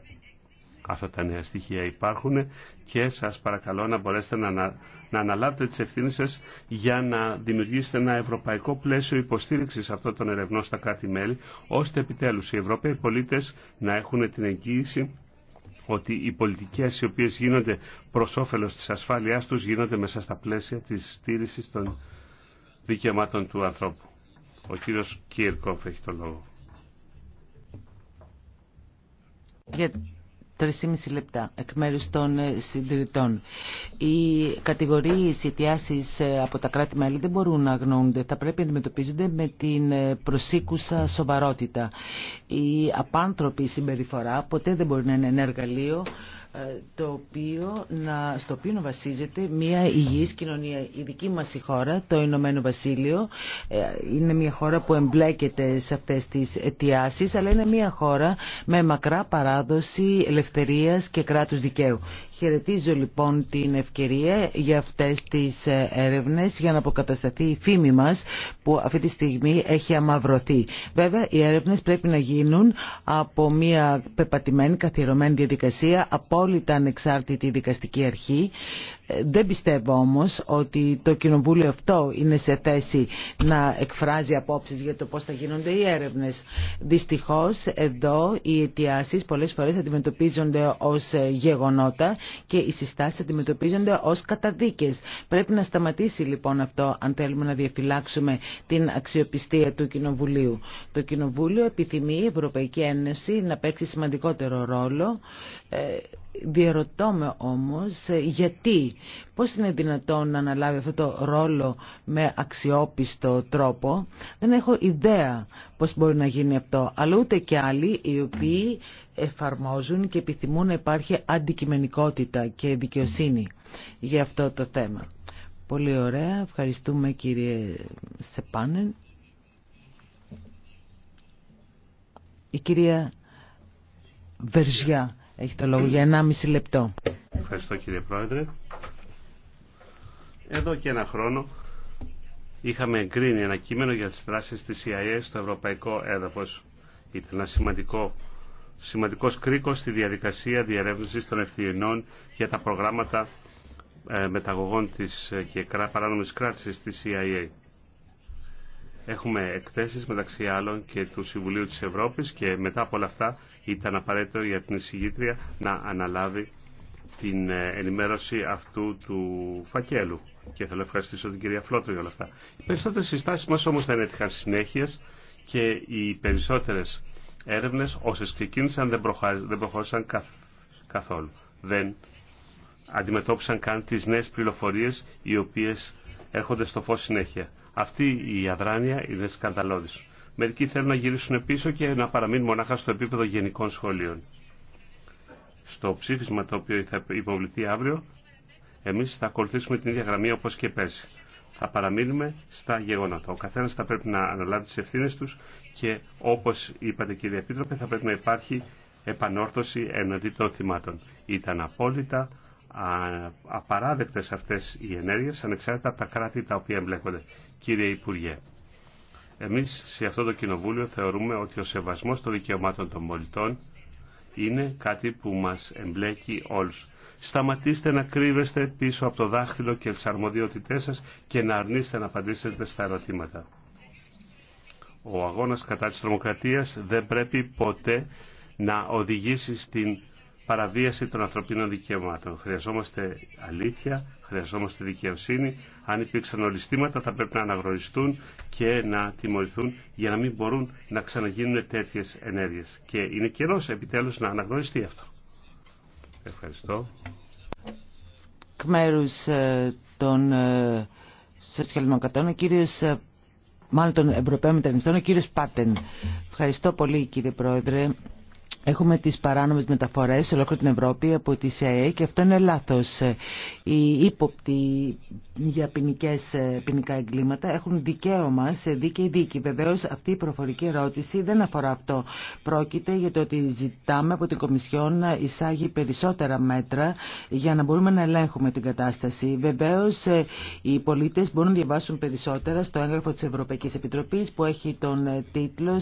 Αυτά τα νέα στοιχεία υπάρχουν και σας παρακαλώ να μπορέσετε να, αναλάβετε τις ευθύνες σας για να δημιουργήσετε ένα ευρωπαϊκό πλαίσιο υποστήριξης αυτών των ερευνών στα κράτη-μέλη, ώστε επιτέλους οι Ευρωπαίοι πολίτες να έχουν την εγγύηση ότι οι πολιτικές οι οποίες γίνονται προς όφελος της ασφάλειάς τους γίνονται μέσα στα πλαίσια της στήριξης των δικαιωμάτων του ανθρώπου. Ο κύριος Κίρκοφ έχει το λόγο. 3,5 λεπτά εκ μέρους των ε, συντηρητών. Οι κατηγορίε οι αιτιάσεις ε, από τα κράτη-μέλη δεν μπορούν να αγνοούνται. Θα πρέπει να αντιμετωπίζονται με την ε, προσήκουσα σοβαρότητα. Η απάνθρωπη συμπεριφορά ποτέ δεν μπορεί να είναι ένα εργαλείο ε, το οποίο να, στο οποίο βασίζεται μια υγιής κοινωνία. Η δική μας η χώρα, το Ηνωμένο Βασίλειο, ε, είναι μια χώρα που εμπλέκεται σε αυτές τις αιτιάσεις, αλλά είναι μια χώρα με μακρά παράδοση ελευθερίας και κράτους δικαίου. Χαιρετίζω λοιπόν την ευκαιρία για αυτές τις ε, έρευνες για να αποκατασταθεί η φήμη μας που αυτή τη στιγμή έχει αμαυρωθεί. Βέβαια οι έρευνες πρέπει να γίνουν από μια πεπατημένη καθιερωμένη διαδικασία, απόλυτα ανεξάρτητη δικαστική αρχή ε, δεν πιστεύω όμως ότι το κοινοβούλιο αυτό είναι σε θέση να εκφράζει απόψεις για το πώς θα γίνονται οι έρευνες. Δυστυχώς εδώ οι αιτιάσεις πολλές φορές αντιμετωπίζονται ως ε, γεγονότα και οι συστάσεις αντιμετωπίζονται ως καταδίκες. Πρέπει να σταματήσει λοιπόν αυτό αν θέλουμε να διαφυλάξουμε την αξιοπιστία του Κοινοβουλίου. Το Κοινοβούλιο επιθυμεί η Ευρωπαϊκή Ένωση να παίξει σημαντικότερο ρόλο ε, Διερωτώ με όμως ε, γιατί, πώς είναι δυνατόν να αναλάβει αυτό το ρόλο με αξιόπιστο τρόπο. Δεν έχω ιδέα πώς μπορεί να γίνει αυτό, αλλά ούτε και άλλοι οι οποίοι εφαρμόζουν και επιθυμούν να υπάρχει αντικειμενικότητα και δικαιοσύνη για αυτό το θέμα. Πολύ ωραία, ευχαριστούμε κύριε Σεπάνεν. Η κυρία Βερζιά έχει το λόγο για 1,5 λεπτό. Ευχαριστώ κύριε Πρόεδρε. Εδώ και ένα χρόνο είχαμε εγκρίνει ένα κείμενο για τις δράσεις της CIA στο ευρωπαϊκό έδαφος. Ήταν ένα σημαντικό σημαντικός κρίκος στη διαδικασία διερεύνησης των ευθυνών για τα προγράμματα ε, μεταγωγών της ε, και παράνομης κράτησης της CIA. Έχουμε εκθέσεις μεταξύ άλλων και του Συμβουλίου της Ευρώπης και μετά από όλα αυτά ήταν απαραίτητο για την εισηγήτρια να αναλάβει την ε, ενημέρωση αυτού του φακέλου. Και θέλω να ευχαριστήσω την κυρία Φλότρο για όλα αυτά. Οι περισσότερες συστάσεις μας όμως δεν έτυχαν συνέχεια και οι περισσότερες έρευνε, όσε ξεκίνησαν δεν, δεν προχώρησαν καθόλου. Δεν αντιμετώπισαν καν τις νέες πληροφορίες οι οποίες έρχονται στο φω συνέχεια. Αυτή η αδράνεια είναι σκανδαλώδη. Μερικοί θέλουν να γυρίσουν πίσω και να παραμείνουν μονάχα στο επίπεδο γενικών σχολείων. Στο ψήφισμα το οποίο θα υποβληθεί αύριο, εμεί θα ακολουθήσουμε την ίδια γραμμή όπως και πέρσι. Θα παραμείνουμε στα γεγονότα. Ο καθένα θα πρέπει να αναλάβει τι ευθύνε του και όπω είπατε κύριε Επίτροπε θα πρέπει να υπάρχει επανόρθωση εναντί των θυμάτων. Ήταν απόλυτα απαράδεκτες αυτές οι ενέργειες ανεξάρτητα από τα κράτη τα οποία εμπλέκονται. Κύριε Υπουργέ, εμείς σε αυτό το κοινοβούλιο θεωρούμε ότι ο σεβασμός των δικαιωμάτων των πολιτών είναι κάτι που μας εμπλέκει όλους. Σταματήστε να κρύβεστε πίσω από το δάχτυλο και τις αρμοδιότητές σας και να αρνείστε να απαντήσετε στα ερωτήματα. Ο αγώνας κατά της τρομοκρατίας δεν πρέπει ποτέ να οδηγήσει στην παραβίαση των ανθρωπίνων δικαιωμάτων. Χρειαζόμαστε αλήθεια, χρειαζόμαστε δικαιοσύνη. Αν υπήρξαν οριστήματα θα πρέπει να αναγνωριστούν και να τιμωρηθούν για να μην μπορούν να ξαναγίνουν τέτοιε ενέργειε. Και είναι καιρό επιτέλου να αναγνωριστεί αυτό. Ευχαριστώ. Εκ ε, των ε, Σοσιαλδημοκρατών, ο ε, μάλλον των Πάτεν. Ευχαριστώ πολύ κύριε Πρόεδρε. Έχουμε τις παράνομες μεταφορές σε ολόκληρη την Ευρώπη από τη ΣΕΕ και αυτό είναι λάθος. Οι ύποπτοι για ποινικές, ε, ποινικά εγκλήματα έχουν δικαίωμα σε δίκαιη δίκη. Βεβαίως αυτή η προφορική ερώτηση δεν αφορά αυτό. Πρόκειται για το ότι ζητάμε από την Κομισιόν να εισάγει περισσότερα μέτρα για να μπορούμε να ελέγχουμε την κατάσταση. Βεβαίως ε, οι πολίτες μπορούν να διαβάσουν περισσότερα στο έγγραφο της Ευρωπαϊκής Επιτροπής που έχει τον ε, τίτλο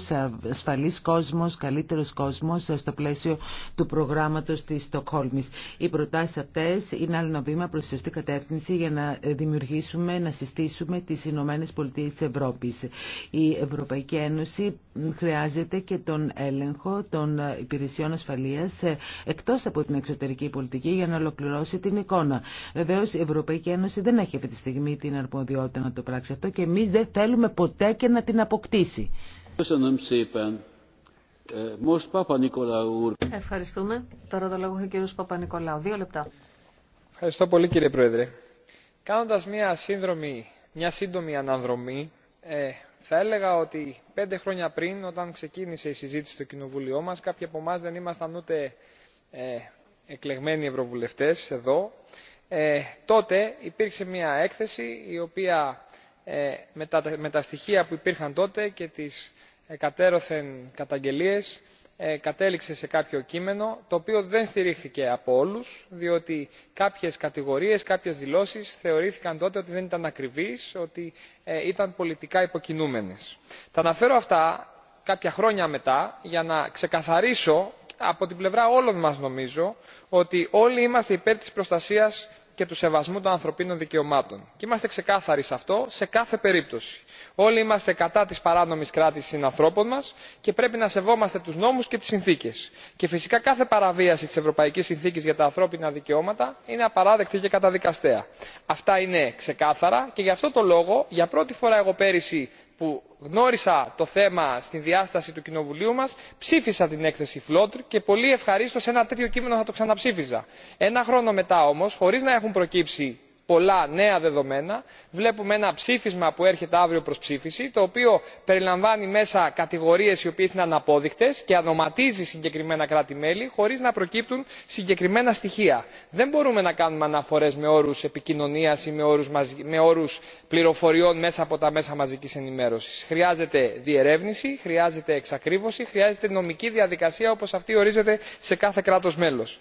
Ασφαλή κόσμος, καλύτερος κόσμος, στο πλαίσιο του προγράμματος της Στοκχόλμης. Οι προτάσεις αυτές είναι άλλο ένα βήμα προς σωστή κατεύθυνση για να δημιουργήσουμε, να συστήσουμε τις Ηνωμένε Πολιτείες της Ευρώπης. Η Ευρωπαϊκή Ένωση χρειάζεται και τον έλεγχο των υπηρεσιών ασφαλείας ε, εκτός από την εξωτερική πολιτική για να ολοκληρώσει την εικόνα. Βεβαίω η Ευρωπαϊκή Ένωση δεν έχει αυτή τη στιγμή την αρμοδιότητα να το πράξει αυτό και εμείς δεν θέλουμε ποτέ και να την αποκτήσει. Most Ευχαριστούμε. Τώρα το λόγο έχει ο κύριος Παπα-Νικολάου. Δύο λεπτά. Ευχαριστώ πολύ κύριε Πρόεδρε. Κάνοντας μια, σύντομη αναδρομή, ε, θα έλεγα ότι πέντε χρόνια πριν, όταν ξεκίνησε η συζήτηση στο Κοινοβούλιο μας, κάποιοι από εμά δεν ήμασταν ούτε ε, εκλεγμένοι ευρωβουλευτές εδώ, ε, τότε υπήρξε μια έκθεση η οποία με τα, στοιχεία που υπήρχαν τότε και τις εκατέρωθεν καταγγελίες ε, κατέληξε σε κάποιο κείμενο το οποίο δεν στηρίχθηκε από όλους διότι κάποιες κατηγορίες κάποιες δηλώσεις θεωρήθηκαν τότε ότι δεν ήταν ακριβείς ότι ε, ήταν πολιτικά υποκινούμενες. τα αναφέρω αυτά κάποια χρόνια μετά για να ξεκαθαρίσω από την πλευρά όλων μας νομίζω ότι όλοι είμαστε υπέρ της προστασίας και του σεβασμού των ανθρωπίνων δικαιωμάτων. Και είμαστε ξεκάθαροι σε αυτό σε κάθε περίπτωση. Όλοι είμαστε κατά τη παράνομη κράτηση συνανθρώπων μα και πρέπει να σεβόμαστε του νόμου και τι συνθήκε. Και φυσικά κάθε παραβίαση τη Ευρωπαϊκή Συνθήκη για τα ανθρώπινα δικαιώματα είναι απαράδεκτη και καταδικαστέα. Αυτά είναι ξεκάθαρα και γι' αυτό το λόγο για πρώτη φορά εγώ πέρυσι που γνώρισα το θέμα στη διάσταση του κοινοβουλίου μας ψήφισα την έκθεση φλότρ και πολύ ευχαρίστως ένα τέτοιο κείμενο θα το ξαναψήφιζα. ένα χρόνο μετά όμως χωρίς να έχουν προκύψει πολλά νέα δεδομένα βλέπουμε ένα ψήφισμα που έρχεται αύριο προς ψήφιση το οποίο περιλαμβάνει μέσα κατηγορίες οι οποίες είναι αναπόδεικτες και ονοματίζει συγκεκριμένα κράτη μέλη χωρίς να προκύπτουν συγκεκριμένα στοιχεία. δεν μπορούμε να κάνουμε αναφορές με όρους επικοινωνίας ή με όρους πληροφοριών μέσα από τα μέσα μαζικής ενημέρωσης. χρειάζεται διερεύνηση χρειάζεται εξακρίβωση χρειάζεται νομική διαδικασία όπως αυτή ορίζεται σε κάθε κράτος μέλος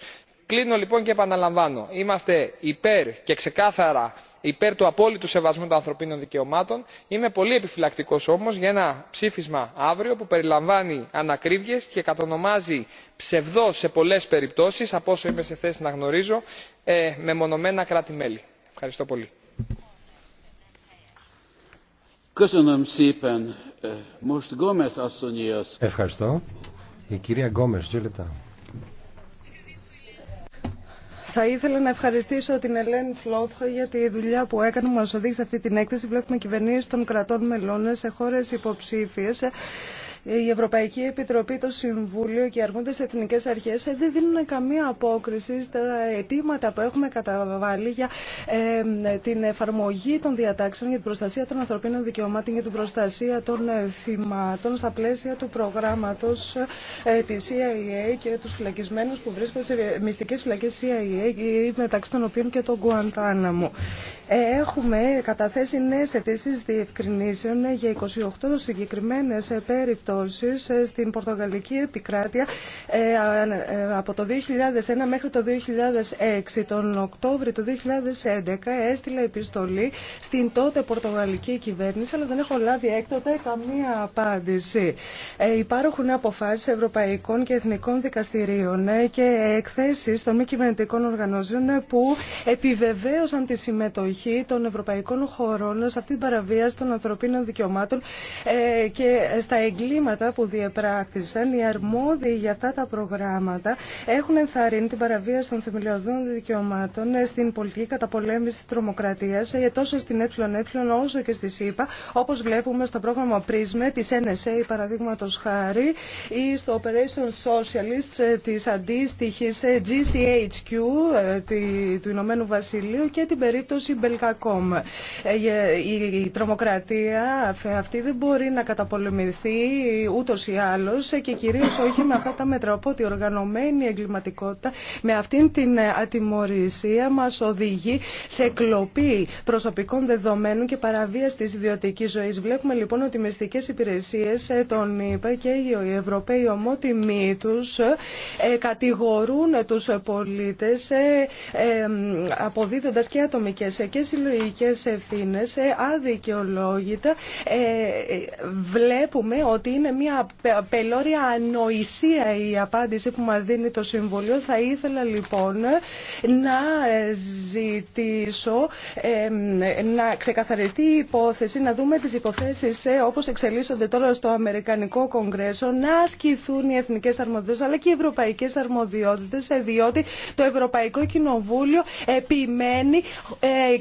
κλείνω λοιπόν και επαναλαμβάνω είμαστε υπέρ και ξεκάθαρα υπέρ του απόλυτου σεβασμού των ανθρωπίνων δικαιωμάτων. είμαι πολύ επιφυλακτικό όμω για ένα ψήφισμα αύριο που περιλαμβάνει ανακρίβειε και κατονομάζει ψευδό σε πολλέ περιπτώσει από όσο είμαι σε θέση να γνωρίζω ε, μεμονωμένα κράτη μέλη. ευχαριστώ πολύ. Eh, ευχαριστώ. Η κυρία δύο θα ήθελα να ευχαριστήσω την Ελένη Φλόθο για τη δουλειά που έκανε, μας οδήγησε αυτή την έκθεση. Βλέπουμε κυβερνήσει των κρατών μελών σε χώρε υποψήφιες η Ευρωπαϊκή Επιτροπή, το Συμβούλιο και οι αρμόντες εθνικές αρχές ε, δεν δίνουν καμία απόκριση στα αιτήματα που έχουμε καταβάλει για την εφαρμογή των διατάξεων για την προστασία των ανθρωπίνων δικαιωμάτων και την προστασία των ε, θυμάτων στα πλαίσια του προγράμματος ε, της CIA και τους φυλακισμένους που βρίσκονται σε μυστικές φυλακές CIA μεταξύ των οποίων και τον Κουαντάναμο. Έχουμε καταθέσει νέες αιτήσει διευκρινήσεων για 28 συγκεκριμένες περίπτωση ε, στην Πορτογαλική επικράτεια ε, ε, από το 2001 μέχρι το 2006. Τον Οκτώβριο του 2011 έστειλε επιστολή στην τότε Πορτογαλική κυβέρνηση, αλλά δεν έχω λάβει έκτοτε καμία απάντηση. Υπάρχουν αποφάσεις ευρωπαϊκών και εθνικών δικαστηρίων και εκθέσεις των μη κυβερνητικών οργανώσεων που επιβεβαίωσαν τη συμμετοχή των ευρωπαϊκών χωρών σε αυτή την παραβίαση των ανθρωπίνων δικαιωμάτων και στα εγκλήματα που διεπράκτησαν, οι αρμόδιοι για αυτά τα προγράμματα έχουν ενθαρρύνει την παραβίαση των θεμελιωδών δικαιωμάτων ε, στην πολιτική καταπολέμηση τη τρομοκρατία ε, τόσο στην ΕΕ όσο και στη ΣΥΠΑ, όπω βλέπουμε στο πρόγραμμα PRISME τη NSA, Παραδείγματο χάρη, ή στο Operation Socialist ε, τη Αντίστοιχη GCHQ του Ηνωμένου Βασιλείου και την περίπτωση Belgacom. Η τρομοκρατία αυτή δεν μπορεί να καταπολεμηθεί ούτως ή άλλως και κυρίως όχι με αυτά τα μέτρα. Οπότε η οργανωμένη εγκληματικότητα με αυτήν την ατιμορρησία μας οδηγεί σε κλοπή προσωπικών δεδομένων και κυριως οχι με αυτα τα μετρα οποτε η οργανωμενη εγκληματικοτητα με αυτην την ατιμορρησια μας οδηγει σε κλοπη προσωπικων δεδομενων και παραβια τη ιδιωτική ζωή. Βλέπουμε λοιπόν ότι οι μυστικέ υπηρεσίες, ε, τον είπα και οι Ευρωπαίοι ομότιμοι τους, ε, κατηγορούν τους πολίτες ε, αποδίδοντας και ατομικές και ευθύνε, ευθύνες αδικαιολόγητα. Βλέπουμε ότι είναι μια πελώρια ανοησία η απάντηση που μας δίνει το Συμβουλίο. Θα ήθελα λοιπόν να ε, ζητήσω να ξεκαθαριστεί η υπόθεση, να δούμε τις υποθέσεις ε, όπως εξελίσσονται τώρα στο Αμερικανικό Κογκρέσο, να ασκηθούν οι εθνικές αρμοδιότητες αλλά και οι ευρωπαϊκές αρμοδιότητες ε, διότι το Ευρωπαϊκό Κοινοβούλιο επιμένει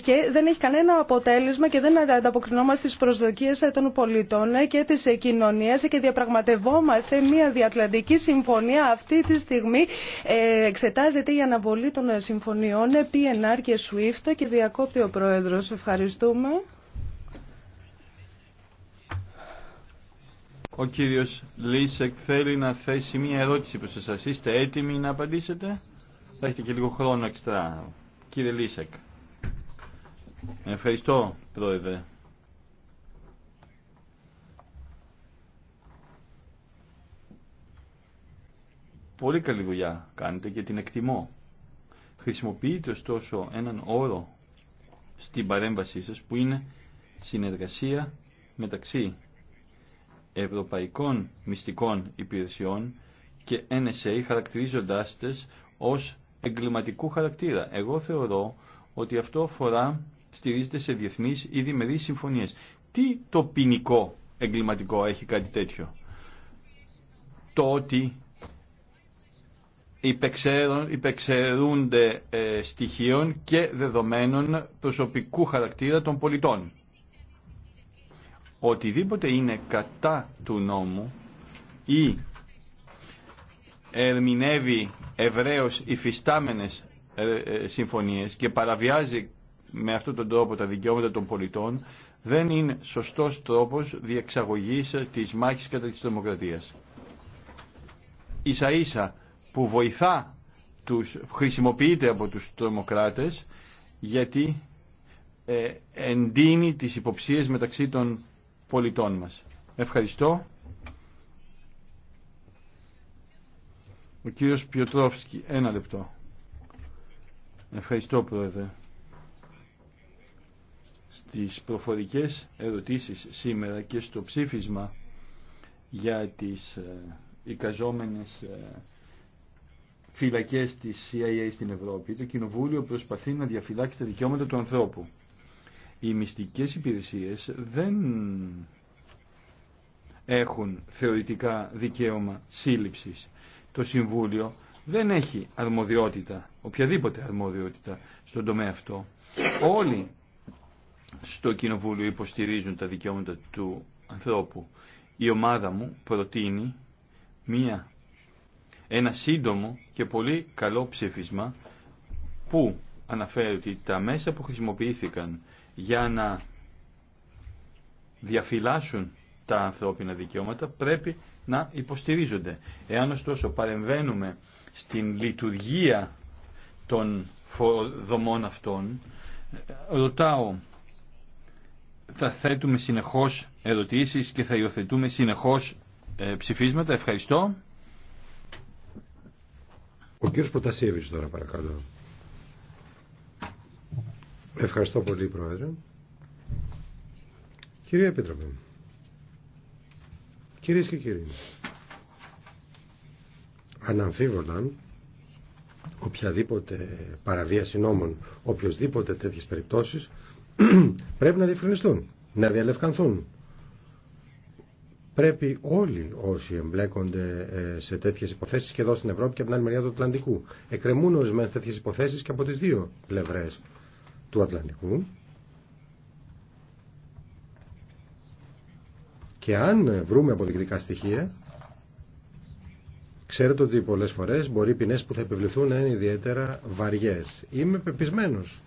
και δεν έχει κανένα αποτέλεσμα και δεν ανταποκρινόμαστε στις προσδοκίες των πολιτών και της κοινωνίας και διαπραγματευόμαστε μια διατλαντική συμφωνία. Αυτή τη στιγμή ε, εξετάζεται η αναβολή των συμφωνιών PNR και SWIFT και διακόπτει ο Πρόεδρος. Ευχαριστούμε. Ο κύριος Λίσεκ θέλει να θέσει μία ερώτηση προς εσάς. Είστε έτοιμοι να απαντήσετε. Θα έχετε και λίγο χρόνο εξτρά. Κύριε Λίσεκ. Ευχαριστώ, Πρόεδρε. Πολύ καλή δουλειά κάνετε και την εκτιμώ. Χρησιμοποιείτε ωστόσο έναν όρο στην παρέμβασή σας που είναι συνεργασία μεταξύ ευρωπαϊκών μυστικών υπηρεσιών και NSA χαρακτηρίζοντάς τες ως εγκληματικού χαρακτήρα. Εγώ θεωρώ ότι αυτό αφορά, στηρίζεται σε διεθνείς ή διμερείς συμφωνίες. Τι το ποινικό εγκληματικό έχει κάτι τέτοιο. Το ότι υπεξαιρούνται ε, στοιχείων και δεδομένων προσωπικού χαρακτήρα των πολιτών. Οτιδήποτε είναι κατά του νόμου ή ερμηνεύει ευρέως υφιστάμενες ε, ε, συμφωνίες και παραβιάζει με αυτόν τον τρόπο τα δικαιώματα των πολιτών δεν είναι σωστός τρόπος διεξαγωγής της μάχης κατά της δημοκρατίας. Ίσα ίσα που βοηθά τους, χρησιμοποιείται από τους τρομοκράτες γιατί ε, εντείνει τις υποψίες μεταξύ των πολιτών μας. Ευχαριστώ. Ο κύριος Πιωτρόφσκι, ένα λεπτό. Ευχαριστώ πρόεδρε. Στις προφορικές ερωτήσεις σήμερα και στο ψήφισμα για τις ε, εικαζόμενες ε, φυλακές της CIA στην Ευρώπη, το Κοινοβούλιο προσπαθεί να διαφυλάξει τα δικαιώματα του ανθρώπου. Οι μυστικές υπηρεσίε δεν έχουν θεωρητικά δικαίωμα σύλληψη. Το Συμβούλιο δεν έχει αρμοδιότητα, οποιαδήποτε αρμοδιότητα στον τομέα αυτό. Όλοι στο Κοινοβούλιο υποστηρίζουν τα δικαιώματα του ανθρώπου. Η ομάδα μου προτείνει μία ένα σύντομο και πολύ καλό ψήφισμα που αναφέρει ότι τα μέσα που χρησιμοποιήθηκαν για να διαφυλάσσουν τα ανθρώπινα δικαιώματα πρέπει να υποστηρίζονται. Εάν ωστόσο παρεμβαίνουμε στην λειτουργία των δομών αυτών, ρωτάω, θα θέτουμε συνεχώς ερωτήσεις και θα υιοθετούμε συνεχώς ε, ψηφίσματα. Ευχαριστώ. Ο κύριος Προτασίεβης τώρα παρακαλώ. Ευχαριστώ πολύ Πρόεδρε. Κύριε Επίτροπε, κυρίες και κύριοι, αναμφίβολα οποιαδήποτε παραβίαση νόμων, οποιοδήποτε τέτοιες περιπτώσεις πρέπει να διευκρινιστούν, να διαλευκανθούν Πρέπει όλοι όσοι εμπλέκονται ε, σε τέτοιες υποθέσεις και εδώ στην Ευρώπη και από την άλλη μεριά του Ατλαντικού. Εκκρεμούν ορισμένες τέτοιες υποθέσεις και από τις δύο πλευρές του Ατλαντικού. Και αν βρούμε αποδεικτικά στοιχεία, ξέρετε ότι πολλές φορές μπορεί οι ποινές που θα επιβληθούν να είναι ιδιαίτερα βαριές. Είμαι πεπισμένος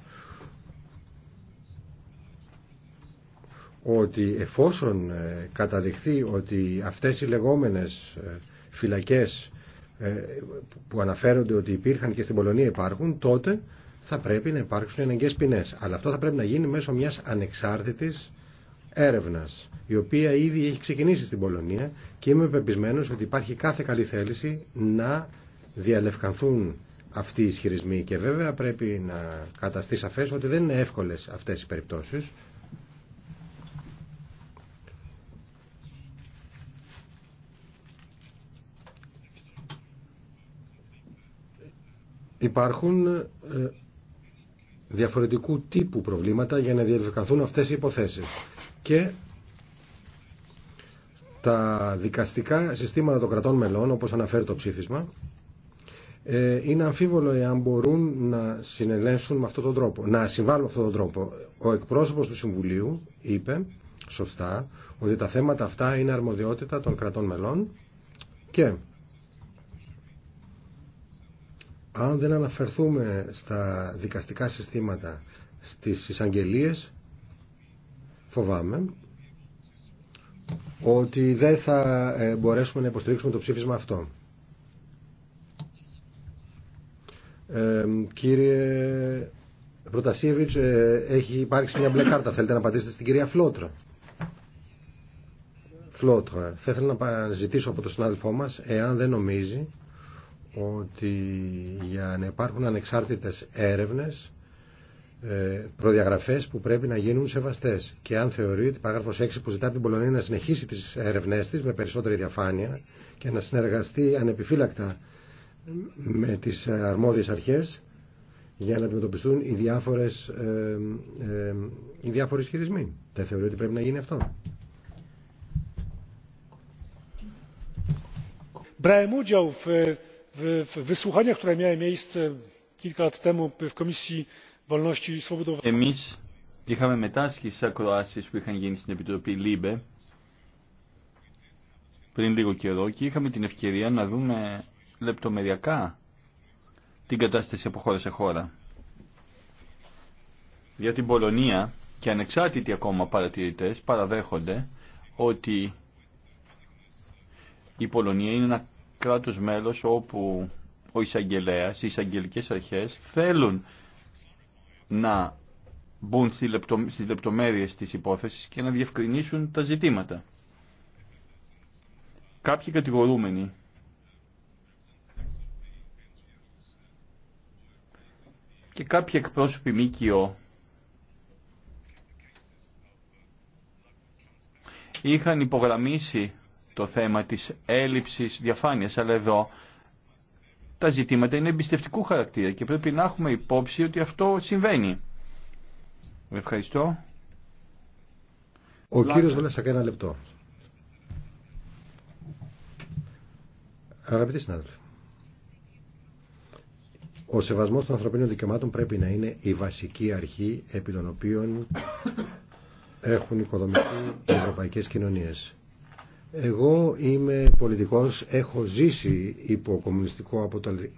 ότι εφόσον ε, καταδειχθεί ότι αυτές οι λεγόμενες ε, φυλακές ε, που αναφέρονται ότι υπήρχαν και στην Πολωνία υπάρχουν, τότε θα πρέπει να υπάρξουν εναγκαίες ποινές. Αλλά αυτό θα πρέπει να γίνει μέσω μιας ανεξάρτητης έρευνας, η οποία ήδη έχει ξεκινήσει στην Πολωνία και είμαι πεπισμένος ότι υπάρχει κάθε καλή θέληση να διαλευκανθούν αυτοί οι ισχυρισμοί και βέβαια πρέπει να καταστεί σαφές ότι δεν είναι εύκολες αυτές οι περιπτώσεις Υπάρχουν ε, διαφορετικού τύπου προβλήματα για να διευκανθούν αυτές οι υποθέσεις. Και τα δικαστικά συστήματα των κρατών μελών, όπως αναφέρει το ψήφισμα, ε, είναι αμφίβολο εάν μπορούν να συνελέσουν με αυτόν τον τρόπο, να συμβάλλουν με αυτόν τον τρόπο. Ο εκπρόσωπος του Συμβουλίου είπε σωστά ότι τα θέματα αυτά είναι αρμοδιότητα των κρατών μελών και αν δεν αναφερθούμε στα δικαστικά συστήματα στις εισαγγελίες φοβάμαι ότι δεν θα ε, μπορέσουμε να υποστηρίξουμε το ψήφισμα αυτό. Ε, κύριε Προτασίεβιτς, ε, έχει υπάρξει μια μπλε κάρτα. Θέλετε να απαντήσετε στην κυρία Φλότρα. Φλότρα, θα ήθελα να ζητήσω από τον συνάδελφό μας, εάν δεν νομίζει ότι για να υπάρχουν ανεξάρτητες έρευνες ε, προδιαγραφές που πρέπει να γίνουν σεβαστές και αν θεωρεί ότι παράγραφος 6 που ζητά από την Πολωνία να συνεχίσει τις έρευνές της με περισσότερη διαφάνεια και να συνεργαστεί ανεπιφύλακτα με τις αρμόδιες αρχές για να αντιμετωπιστούν οι διάφορες, ε, ε, οι χειρισμοί. Δεν θεωρεί ότι πρέπει να γίνει αυτό. Εμεί Εμείς είχαμε μετάσχει στις ακροάσεις που είχαν γίνει στην Επιτροπή ΛΥΜΠΕ πριν λίγο καιρό και είχαμε την ευκαιρία να δούμε λεπτομεριακά την κατάσταση από χώρα σε χώρα. Για την Πολωνία και ανεξάρτητοι ακόμα παρατηρητές παραδέχονται ότι η Πολωνία είναι ένα κράτος μέλος όπου ο εισαγγελέας, οι εισαγγελικές αρχές θέλουν να μπουν στις λεπτομέρειες της υπόθεσης και να διευκρινίσουν τα ζητήματα. Κάποιοι κατηγορούμενοι και κάποιοι εκπρόσωποι ΜΚΟ είχαν υπογραμμίσει το θέμα της έλλειψης διαφάνειας, αλλά εδώ τα ζητήματα είναι εμπιστευτικού χαρακτήρα και πρέπει να έχουμε υπόψη ότι αυτό συμβαίνει. Ευχαριστώ. Ο κύριος ένα λεπτό. Αγαπητοί συνάδελφοι, ο σεβασμός των ανθρωπίνων δικαιωμάτων πρέπει να είναι η βασική αρχή επί των οποίων έχουν οικοδομηθεί οι ευρωπαϊκές κοινωνίες. Εγώ είμαι πολιτικός, έχω ζήσει υπό κομμουνιστικό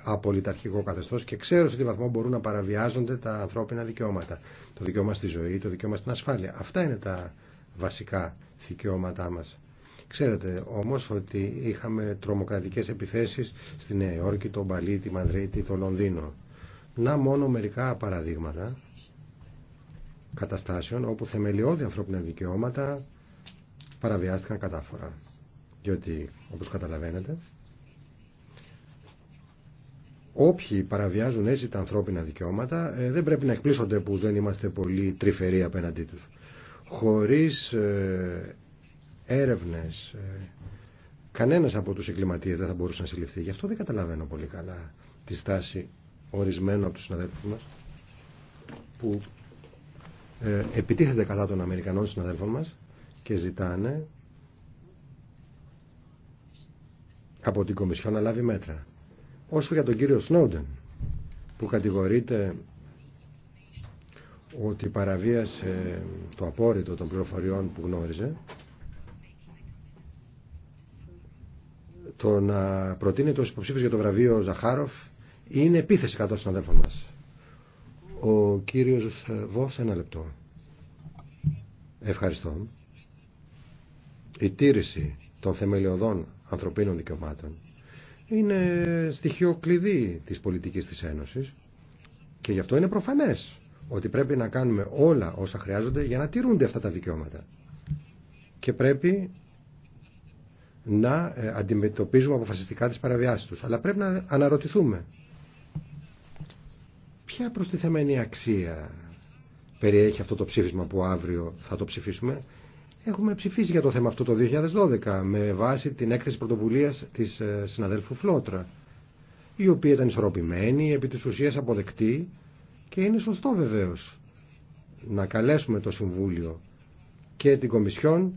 απολυταρχικό καθεστώς και ξέρω σε τι βαθμό μπορούν να παραβιάζονται τα ανθρώπινα δικαιώματα. Το δικαίωμα στη ζωή, το δικαίωμα στην ασφάλεια. Αυτά είναι τα βασικά δικαιώματά μας. Ξέρετε όμως ότι είχαμε τρομοκρατικές επιθέσεις στη Νέα Υόρκη, τον Παλί, τη Μαδρίτη, το Λονδίνο. Να μόνο μερικά παραδείγματα καταστάσεων όπου θεμελιώδη ανθρώπινα δικαιώματα παραβιάστηκαν κατάφορα. Διότι, όπως καταλαβαίνετε, όποιοι παραβιάζουν έτσι τα ανθρώπινα δικαιώματα ε, δεν πρέπει να εκπλήσονται που δεν είμαστε πολύ τρυφεροί απέναντί τους. Χωρίς ε, έρευνες, ε, κανένας από τους εγκληματίες δεν θα μπορούσε να συλληφθεί. Γι' αυτό δεν καταλαβαίνω πολύ καλά τη στάση ορισμένου από τους συναδέλφους μας που επιτίθεται κατά των Αμερικανών συναδέλφων μας και ζητάνε από την Κομισιό να λάβει μέτρα. Όσο για τον κύριο Σνόντεν που κατηγορείται ότι παραβίασε το απόρριτο των πληροφοριών που γνώριζε το να προτείνεται το υποψήφιος για το βραβείο Ζαχάροφ είναι επίθεση κατά των αδέλφων μας. Ο κύριος Βόφς ένα λεπτό. Ευχαριστώ η τήρηση των θεμελιωδών ανθρωπίνων δικαιωμάτων είναι στοιχείο κλειδί της πολιτικής της Ένωσης και γι' αυτό είναι προφανές ότι πρέπει να κάνουμε όλα όσα χρειάζονται για να τηρούνται αυτά τα δικαιώματα. Και πρέπει να ε, αντιμετωπίζουμε αποφασιστικά τις παραβιάσεις τους. Αλλά πρέπει να αναρωτηθούμε ποια προστιθεμένη αξία περιέχει αυτό το ψήφισμα που αύριο θα το ψηφίσουμε Έχουμε ψηφίσει για το θέμα αυτό το 2012 με βάση την έκθεση πρωτοβουλίας της ε, συναδέλφου Φλότρα η οποία ήταν ισορροπημένη, επί της ουσίας αποδεκτή και είναι σωστό βεβαίω να καλέσουμε το Συμβούλιο και την Κομισιόν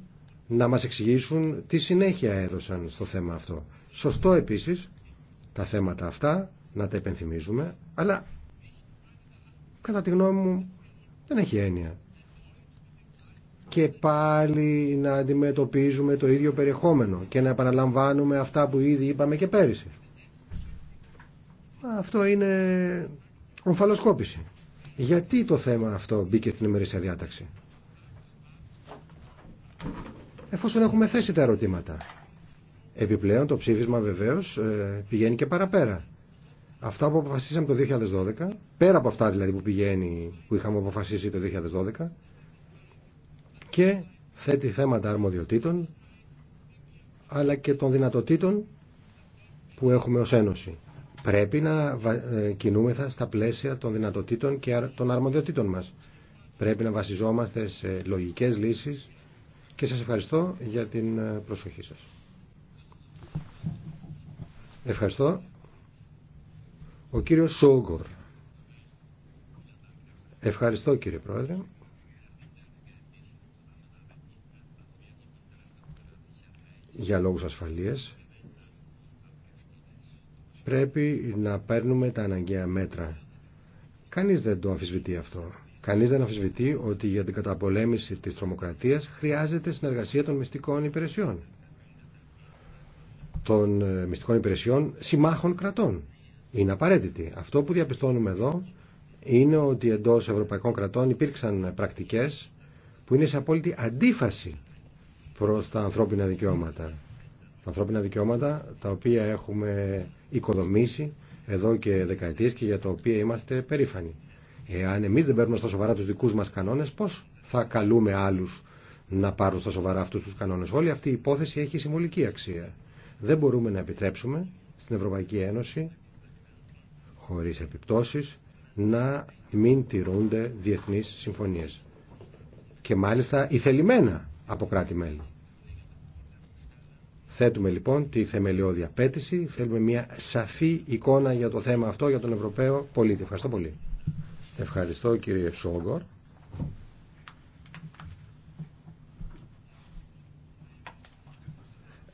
να μας εξηγήσουν τι συνέχεια έδωσαν στο θέμα αυτό. Σωστό επίσης τα θέματα αυτά να τα επενθυμίζουμε, αλλά κατά τη γνώμη μου δεν έχει έννοια και πάλι να αντιμετωπίζουμε το ίδιο περιεχόμενο και να επαναλαμβάνουμε αυτά που ήδη είπαμε και πέρυσι. Αυτό είναι ομφαλοσκόπηση. Γιατί το θέμα αυτό μπήκε στην ημερήσια διάταξη. Εφόσον έχουμε θέσει τα ερωτήματα. Επιπλέον το ψήφισμα βεβαίως ε, πηγαίνει και παραπέρα. Αυτά που αποφασίσαμε το 2012, πέρα από αυτά δηλαδή που πηγαίνει, που είχαμε αποφασίσει το 2012, και θέτει θέματα αρμοδιοτήτων αλλά και των δυνατοτήτων που έχουμε ως Ένωση. Πρέπει να ε, κινούμεθα στα πλαίσια των δυνατοτήτων και των αρμοδιοτήτων μας. Πρέπει να βασιζόμαστε σε λογικές λύσεις και σας ευχαριστώ για την ε, προσοχή σας. Ευχαριστώ. Ο κύριος Σόγκορ. Ευχαριστώ κύριε Πρόεδρε. για λόγους ασφαλείας πρέπει να παίρνουμε τα αναγκαία μέτρα. Κανείς δεν το αμφισβητεί αυτό. Κανείς δεν αμφισβητεί ότι για την καταπολέμηση της τρομοκρατίας χρειάζεται συνεργασία των μυστικών υπηρεσιών. Των ε, μυστικών υπηρεσιών συμμάχων κρατών. Είναι απαραίτητη. Αυτό που διαπιστώνουμε εδώ είναι ότι εντός ευρωπαϊκών κρατών υπήρξαν πρακτικές που είναι σε απόλυτη αντίφαση προς τα ανθρώπινα δικαιώματα. Τα ανθρώπινα δικαιώματα τα οποία έχουμε οικοδομήσει εδώ και δεκαετίες και για τα οποία είμαστε περήφανοι. Εάν εμείς δεν παίρνουμε στα σοβαρά τους δικούς μας κανόνες, πώς θα καλούμε άλλους να πάρουν στα σοβαρά αυτούς τους κανόνες. Όλη αυτή η υπόθεση έχει συμβολική αξία. Δεν μπορούμε να επιτρέψουμε στην Ευρωπαϊκή Ένωση, χωρίς επιπτώσεις, να μην τηρούνται διεθνείς συμφωνίες. Και μάλιστα ηθελημένα από κράτη-μέλη. Θέτουμε λοιπόν τη θεμελιώδη απέτηση, θέλουμε μια σαφή εικόνα για το θέμα αυτό για τον Ευρωπαίο πολίτη. Ευχαριστώ πολύ. Ευχαριστώ κύριε Σόγκορ.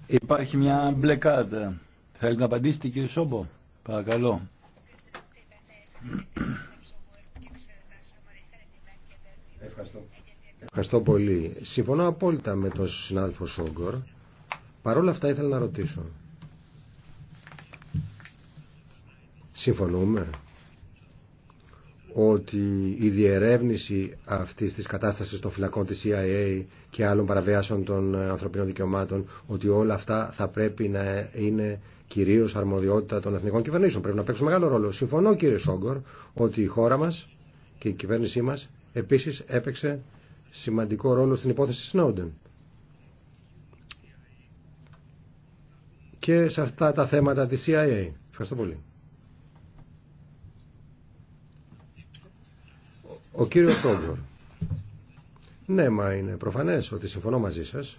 Υπάρχει μια μπλε κάρτα. Θέλετε να απαντήσετε κύριε Σόμπο. Παρακαλώ. Ευχαριστώ. Ευχαριστώ πολύ. Συμφωνώ απόλυτα με τον συνάδελφο Σόγκορ. Παρ' όλα αυτά ήθελα να ρωτήσω. Συμφωνούμε ότι η διερεύνηση αυτής της κατάστασης των φυλακών της CIA και άλλων παραβιάσεων των ε, ανθρωπίνων δικαιωμάτων ότι όλα αυτά θα πρέπει να είναι κυρίως αρμοδιότητα των εθνικών κυβερνήσεων. Πρέπει να παίξουν μεγάλο ρόλο. Συμφωνώ κύριε Σόγκορ ότι η χώρα μας και η κυβέρνησή μας επίσης έπαιξε σημαντικό ρόλο στην υπόθεση Σνόντεν. Και σε αυτά τα θέματα της CIA. Ευχαριστώ πολύ. Ο κύριος Σόγκορ. Ναι, μα είναι προφανές ότι συμφωνώ μαζί σας.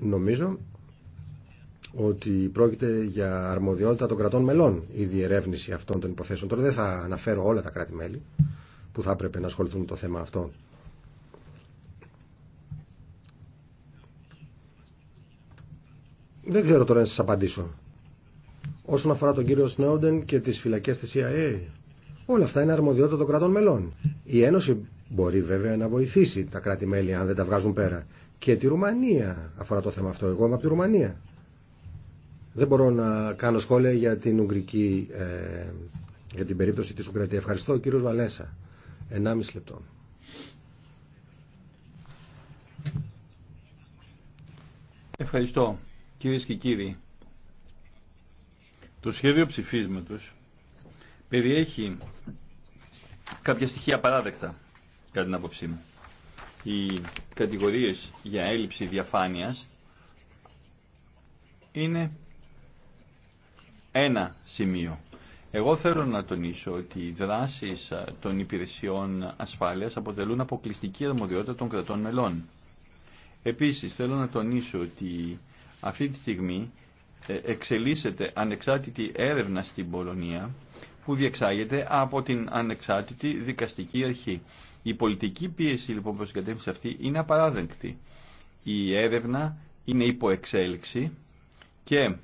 Νομίζω ότι πρόκειται για αρμοδιότητα των κρατών μελών η διερεύνηση αυτών των υποθέσεων. Τώρα δεν θα αναφέρω όλα τα κράτη-μέλη που θα έπρεπε να ασχοληθούν με το θέμα αυτό. Δεν ξέρω τώρα να σας απαντήσω. Όσον αφορά τον κύριο Σνόντεν και τις φυλακές της CIA, όλα αυτά είναι αρμοδιότητα των κρατών μελών. Η Ένωση μπορεί βέβαια να βοηθήσει τα κράτη-μέλη αν δεν τα βγάζουν πέρα. Και τη Ρουμανία αφορά το θέμα αυτό. Εγώ είμαι από τη Ρουμανία. Δεν μπορώ να κάνω σχόλια για την Ουγγρική, ε, για την περίπτωση της Ουγγρατίας. Ευχαριστώ, κύριο Βαλέσα. 1,5 Ευχαριστώ κύριε και κύριοι. Το σχέδιο ψηφίσματος περιέχει κάποια στοιχεία παράδεκτα κατά την άποψή μου. Οι κατηγορίες για έλλειψη διαφάνειας είναι ένα σημείο εγώ θέλω να τονίσω ότι οι δράσεις ε, των υπηρεσιών ασφάλειας αποτελούν αποκλειστική αρμοδιότητα των κρατών μελών. Επίσης, θέλω να τονίσω ότι αυτή τη στιγμή ε, εξελίσσεται ανεξάρτητη έρευνα στην Πολωνία που διεξάγεται από την ανεξάρτητη δικαστική αρχή. Η πολιτική πίεση λοιπόν που την κατεύθυνση αυτή είναι απαράδεκτη. Η έρευνα είναι υποεξέλιξη και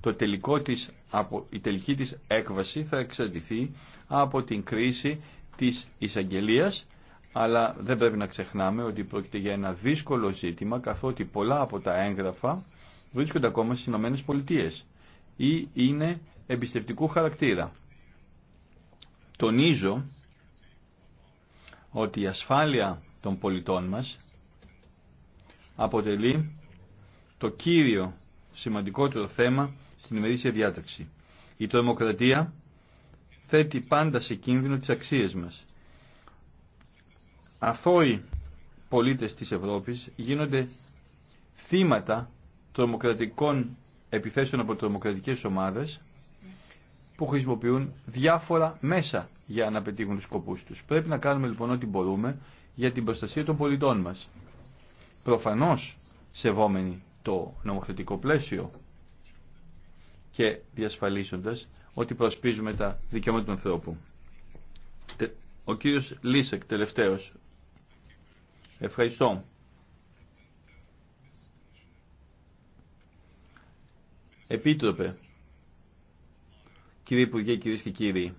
το τελικό της από, η τελική της έκβαση θα εξαρτηθεί από την κρίση της εισαγγελία, αλλά δεν πρέπει να ξεχνάμε ότι πρόκειται για ένα δύσκολο ζήτημα καθότι πολλά από τα έγγραφα βρίσκονται ακόμα στις Ηνωμένες Πολιτείες ή είναι εμπιστευτικού χαρακτήρα. Τονίζω ότι η ασφάλεια των πολιτών μας αποτελεί το κύριο σημαντικότερο θέμα στην ημερήσια διάταξη. Η τρομοκρατία θέτει πάντα σε κίνδυνο τις αξίες μας. Αθώοι πολίτες της Ευρώπης γίνονται θύματα τρομοκρατικών επιθέσεων από τρομοκρατικές ομάδες που χρησιμοποιούν διάφορα μέσα για να πετύχουν τους σκοπούς τους. Πρέπει να κάνουμε λοιπόν ό,τι μπορούμε για την προστασία των πολιτών μας. Προφανώς σεβόμενοι το νομοθετικό πλαίσιο και διασφαλίσοντας ότι προσπίζουμε τα δικαιώματα του ανθρώπου. Ο κύριος Λίσεκ, τελευταίος. Ευχαριστώ. Επίτροπε, κύριε Υπουργέ, κυρίε και κύριοι,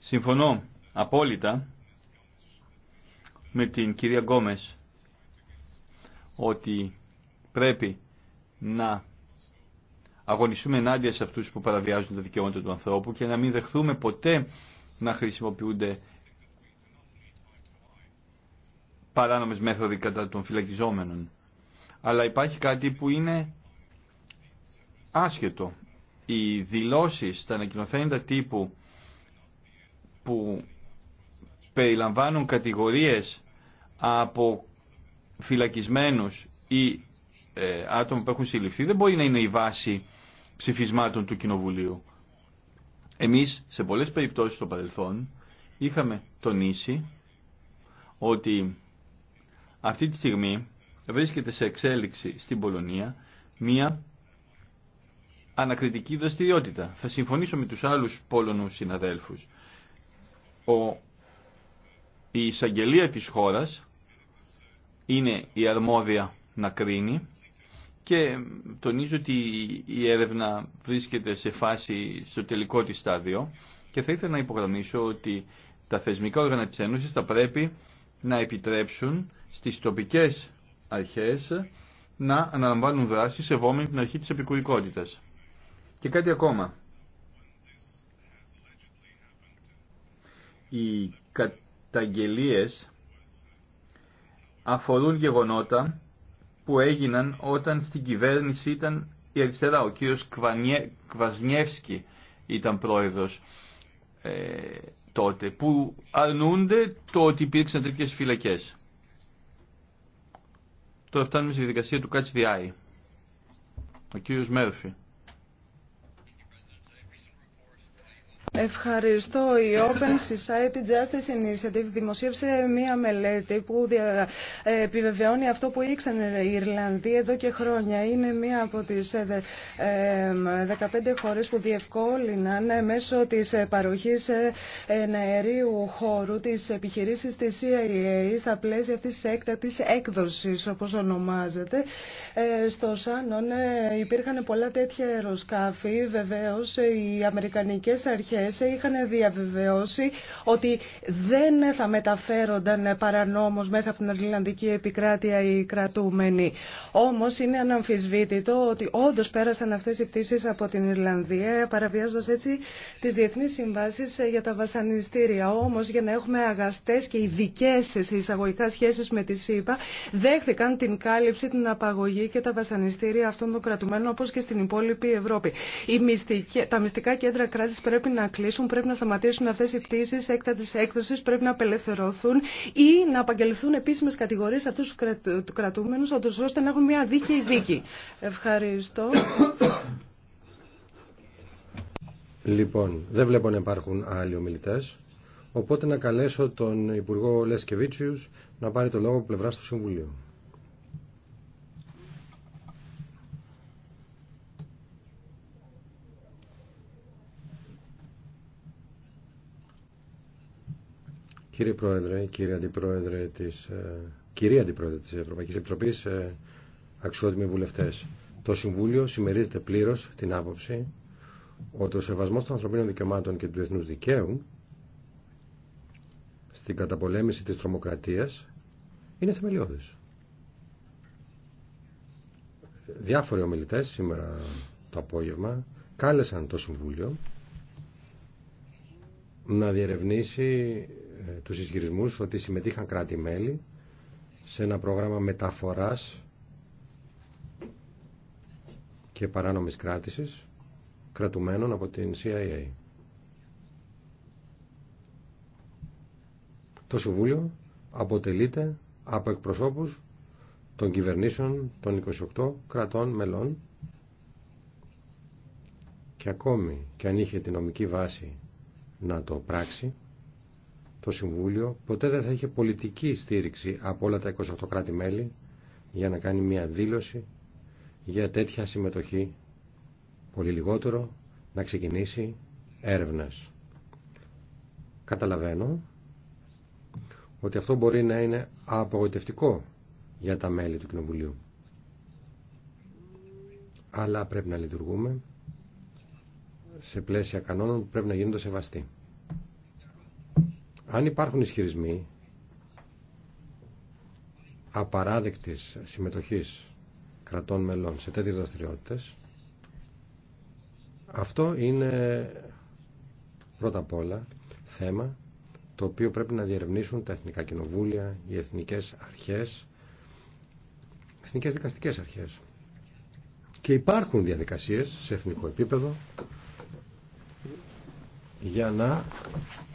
συμφωνώ απόλυτα με την κυρία Γκόμες ότι πρέπει να αγωνιστούμε ενάντια σε αυτούς που παραβιάζουν τα δικαιώματα του ανθρώπου και να μην δεχθούμε ποτέ να χρησιμοποιούνται παράνομες μέθοδοι κατά των φυλακιζόμενων. Αλλά υπάρχει κάτι που είναι άσχετο. Οι δηλώσεις, τα ανακοινωθέντα τύπου που περιλαμβάνουν κατηγορίες από φυλακισμένους ή ε, άτομα που έχουν συλληφθεί δεν μπορεί να είναι η βάση ψηφισμάτων του Κοινοβουλίου. Εμείς σε πολλές περιπτώσεις στο παρελθόν είχαμε τονίσει ότι αυτή τη στιγμή βρίσκεται σε εξέλιξη στην Πολωνία μία ανακριτική δραστηριότητα. Θα συμφωνήσω με τους άλλους Πόλωνους συναδέλφους. Ο, η εισαγγελία της χώρας είναι η αρμόδια να κρίνει και τονίζω ότι η έρευνα βρίσκεται σε φάση στο τελικό της στάδιο και θα ήθελα να υπογραμμίσω ότι τα θεσμικά όργανα της Ένωσης θα πρέπει να επιτρέψουν στις τοπικές αρχές να αναλαμβάνουν δράση σεβόμενη την αρχή της επικουρικότητας. Και κάτι ακόμα. Οι καταγγελίες αφορούν γεγονότα που έγιναν όταν στην κυβέρνηση ήταν η αριστερά. Ο κύριος Κβασνιεύσκη ήταν πρόεδρος ε, τότε, που αρνούνται το ότι υπήρξαν τέτοιες φυλακές. Τώρα φτάνουμε στη δικασία του ΚΑΤΣΔΙ. Ο κύριος Μέρφυ. Ευχαριστώ. Η Open Society Justice Initiative δημοσίευσε μία μελέτη που ε, επιβεβαιώνει αυτό που ήξερε η Ιρλανδία εδώ και χρόνια. Είναι μία από τις 15 ε, ε, χώρες που διευκόλυναν μέσω της παροχής εναέριου χώρου της επιχειρήσης της CIA στα πλαίσια αυτής της έκτατης έκδοσης, όπως ονομάζεται. Στο Σάνον υπήρχαν πολλά τέτοια αεροσκάφη. Βεβαίως, οι Αμερικανικές αρχές είχαν διαβεβαιώσει ότι δεν θα μεταφέρονταν παρανόμως μέσα από την Ιρλανδική επικράτεια οι κρατούμενοι. Όμως είναι αναμφισβήτητο ότι όντως πέρασαν αυτές οι πτήσεις από την Ιρλανδία παραβιάζοντας έτσι τις διεθνείς συμβάσεις για τα βασανιστήρια. Όμως για να έχουμε αγαστές και ειδικέ εισαγωγικά σχέσεις με τη ΣΥΠΑ δέχθηκαν την κάλυψη, την απαγωγή και τα βασανιστήρια αυτών των κρατουμένων όπως και στην υπόλοιπη Ευρώπη. τα μυστικά κέντρα κράτης πρέπει να κλείσουν, πρέπει να σταματήσουν αυτές οι πτήσει έκτατης έκδοση, πρέπει να απελευθερωθούν ή να απαγγελθούν επίσημες κατηγορίες αυτού του τους κρατούμενου, ώστε να έχουν μια δίκαιη δίκη. Ευχαριστώ. Λοιπόν, δεν βλέπω να υπάρχουν άλλοι ομιλητέ. Οπότε να καλέσω τον Υπουργό Λεσκεβίτσιου να πάρει το λόγο πλευρά του Συμβουλίου. Κύριε Πρόεδρε, κύριε Αντιπρόεδρε της, ε, κυρία Αντιπρόεδρε της Ευρωπαϊκής Επιτροπής, ε, αξιότιμοι βουλευτές, το Συμβούλιο συμμερίζεται πλήρως την άποψη ότι ο σεβασμός των ανθρωπίνων δικαιωμάτων και του εθνούς δικαίου στην καταπολέμηση της τρομοκρατίας είναι θεμελιώδης. Διάφοροι ομιλητές σήμερα το απόγευμα κάλεσαν το Συμβούλιο να διερευνήσει ε, τους ισχυρισμούς ότι συμμετείχαν κράτη-μέλη σε ένα πρόγραμμα μεταφοράς και παράνομης κράτησης κρατουμένων από την CIA. Το Συμβούλιο αποτελείται από εκπροσώπους των κυβερνήσεων των 28 κρατών μελών και ακόμη και αν είχε την νομική βάση να το πράξει το Συμβούλιο ποτέ δεν θα είχε πολιτική στήριξη από όλα τα 28 κράτη-μέλη για να κάνει μια δήλωση για τέτοια συμμετοχή πολύ λιγότερο να ξεκινήσει έρευνας. Καταλαβαίνω ότι αυτό μπορεί να είναι απογοητευτικό για τα μέλη του Κοινοβουλίου. Αλλά πρέπει να λειτουργούμε σε πλαίσια κανόνων που πρέπει να γίνονται σεβαστοί. Αν υπάρχουν ισχυρισμοί απαράδεκτης συμμετοχής κρατών μελών σε τέτοιες δραστηριότητε, αυτό είναι πρώτα απ' όλα θέμα το οποίο πρέπει να διερευνήσουν τα εθνικά κοινοβούλια, οι εθνικές αρχές, εθνικές δικαστικές αρχές. Και υπάρχουν διαδικασίες σε εθνικό επίπεδο για να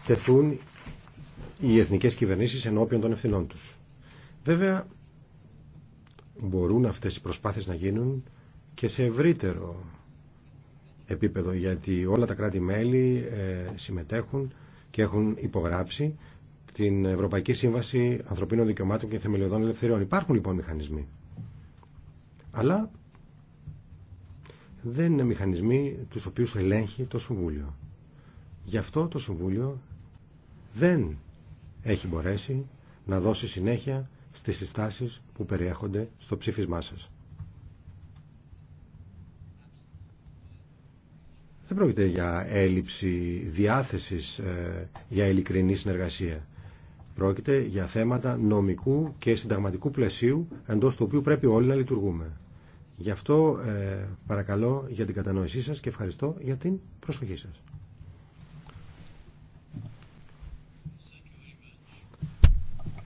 τεθούν οι εθνικές κυβερνήσεις ενώπιον των ευθυνών τους. Βέβαια, μπορούν αυτές οι προσπάθειες να γίνουν και σε ευρύτερο επίπεδο, γιατί όλα τα κράτη-μέλη ε, συμμετέχουν και έχουν υπογράψει την Ευρωπαϊκή Σύμβαση Ανθρωπίνων Δικαιωμάτων και Θεμελιωδών Ελευθεριών. Υπάρχουν λοιπόν μηχανισμοί. Αλλά δεν είναι μηχανισμοί του οποίου ελέγχει το Συμβούλιο. Γι' αυτό το Συμβούλιο δεν έχει μπορέσει να δώσει συνέχεια στις συστάσεις που περιέχονται στο ψήφισμά σας. Δεν πρόκειται για έλλειψη διάθεσης ε, για ειλικρινή συνεργασία. Πρόκειται για θέματα νομικού και συνταγματικού πλαισίου εντός του οποίου πρέπει όλοι να λειτουργούμε. Γι' αυτό ε, παρακαλώ για την κατανόησή σας και ευχαριστώ για την προσοχή σας.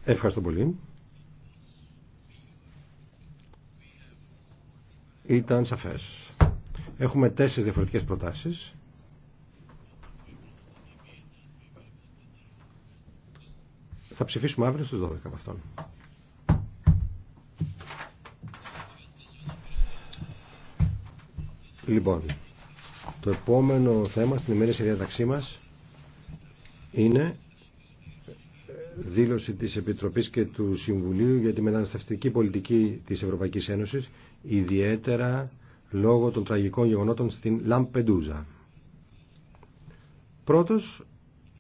Ευχαριστώ πολύ. Ήταν σαφές. Έχουμε τέσσερις διαφορετικές προτάσεις. Θα ψηφίσουμε αύριο στις 12 από αυτόν. Λοιπόν, το επόμενο θέμα στην ημέρηση διάταξή μας είναι δήλωση της Επιτροπής και του Συμβουλίου για τη μεταναστευτική πολιτική της Ευρωπαϊκής Ένωσης, ιδιαίτερα λόγω των τραγικών γεγονότων στην Λαμπεντούζα. Πρώτος,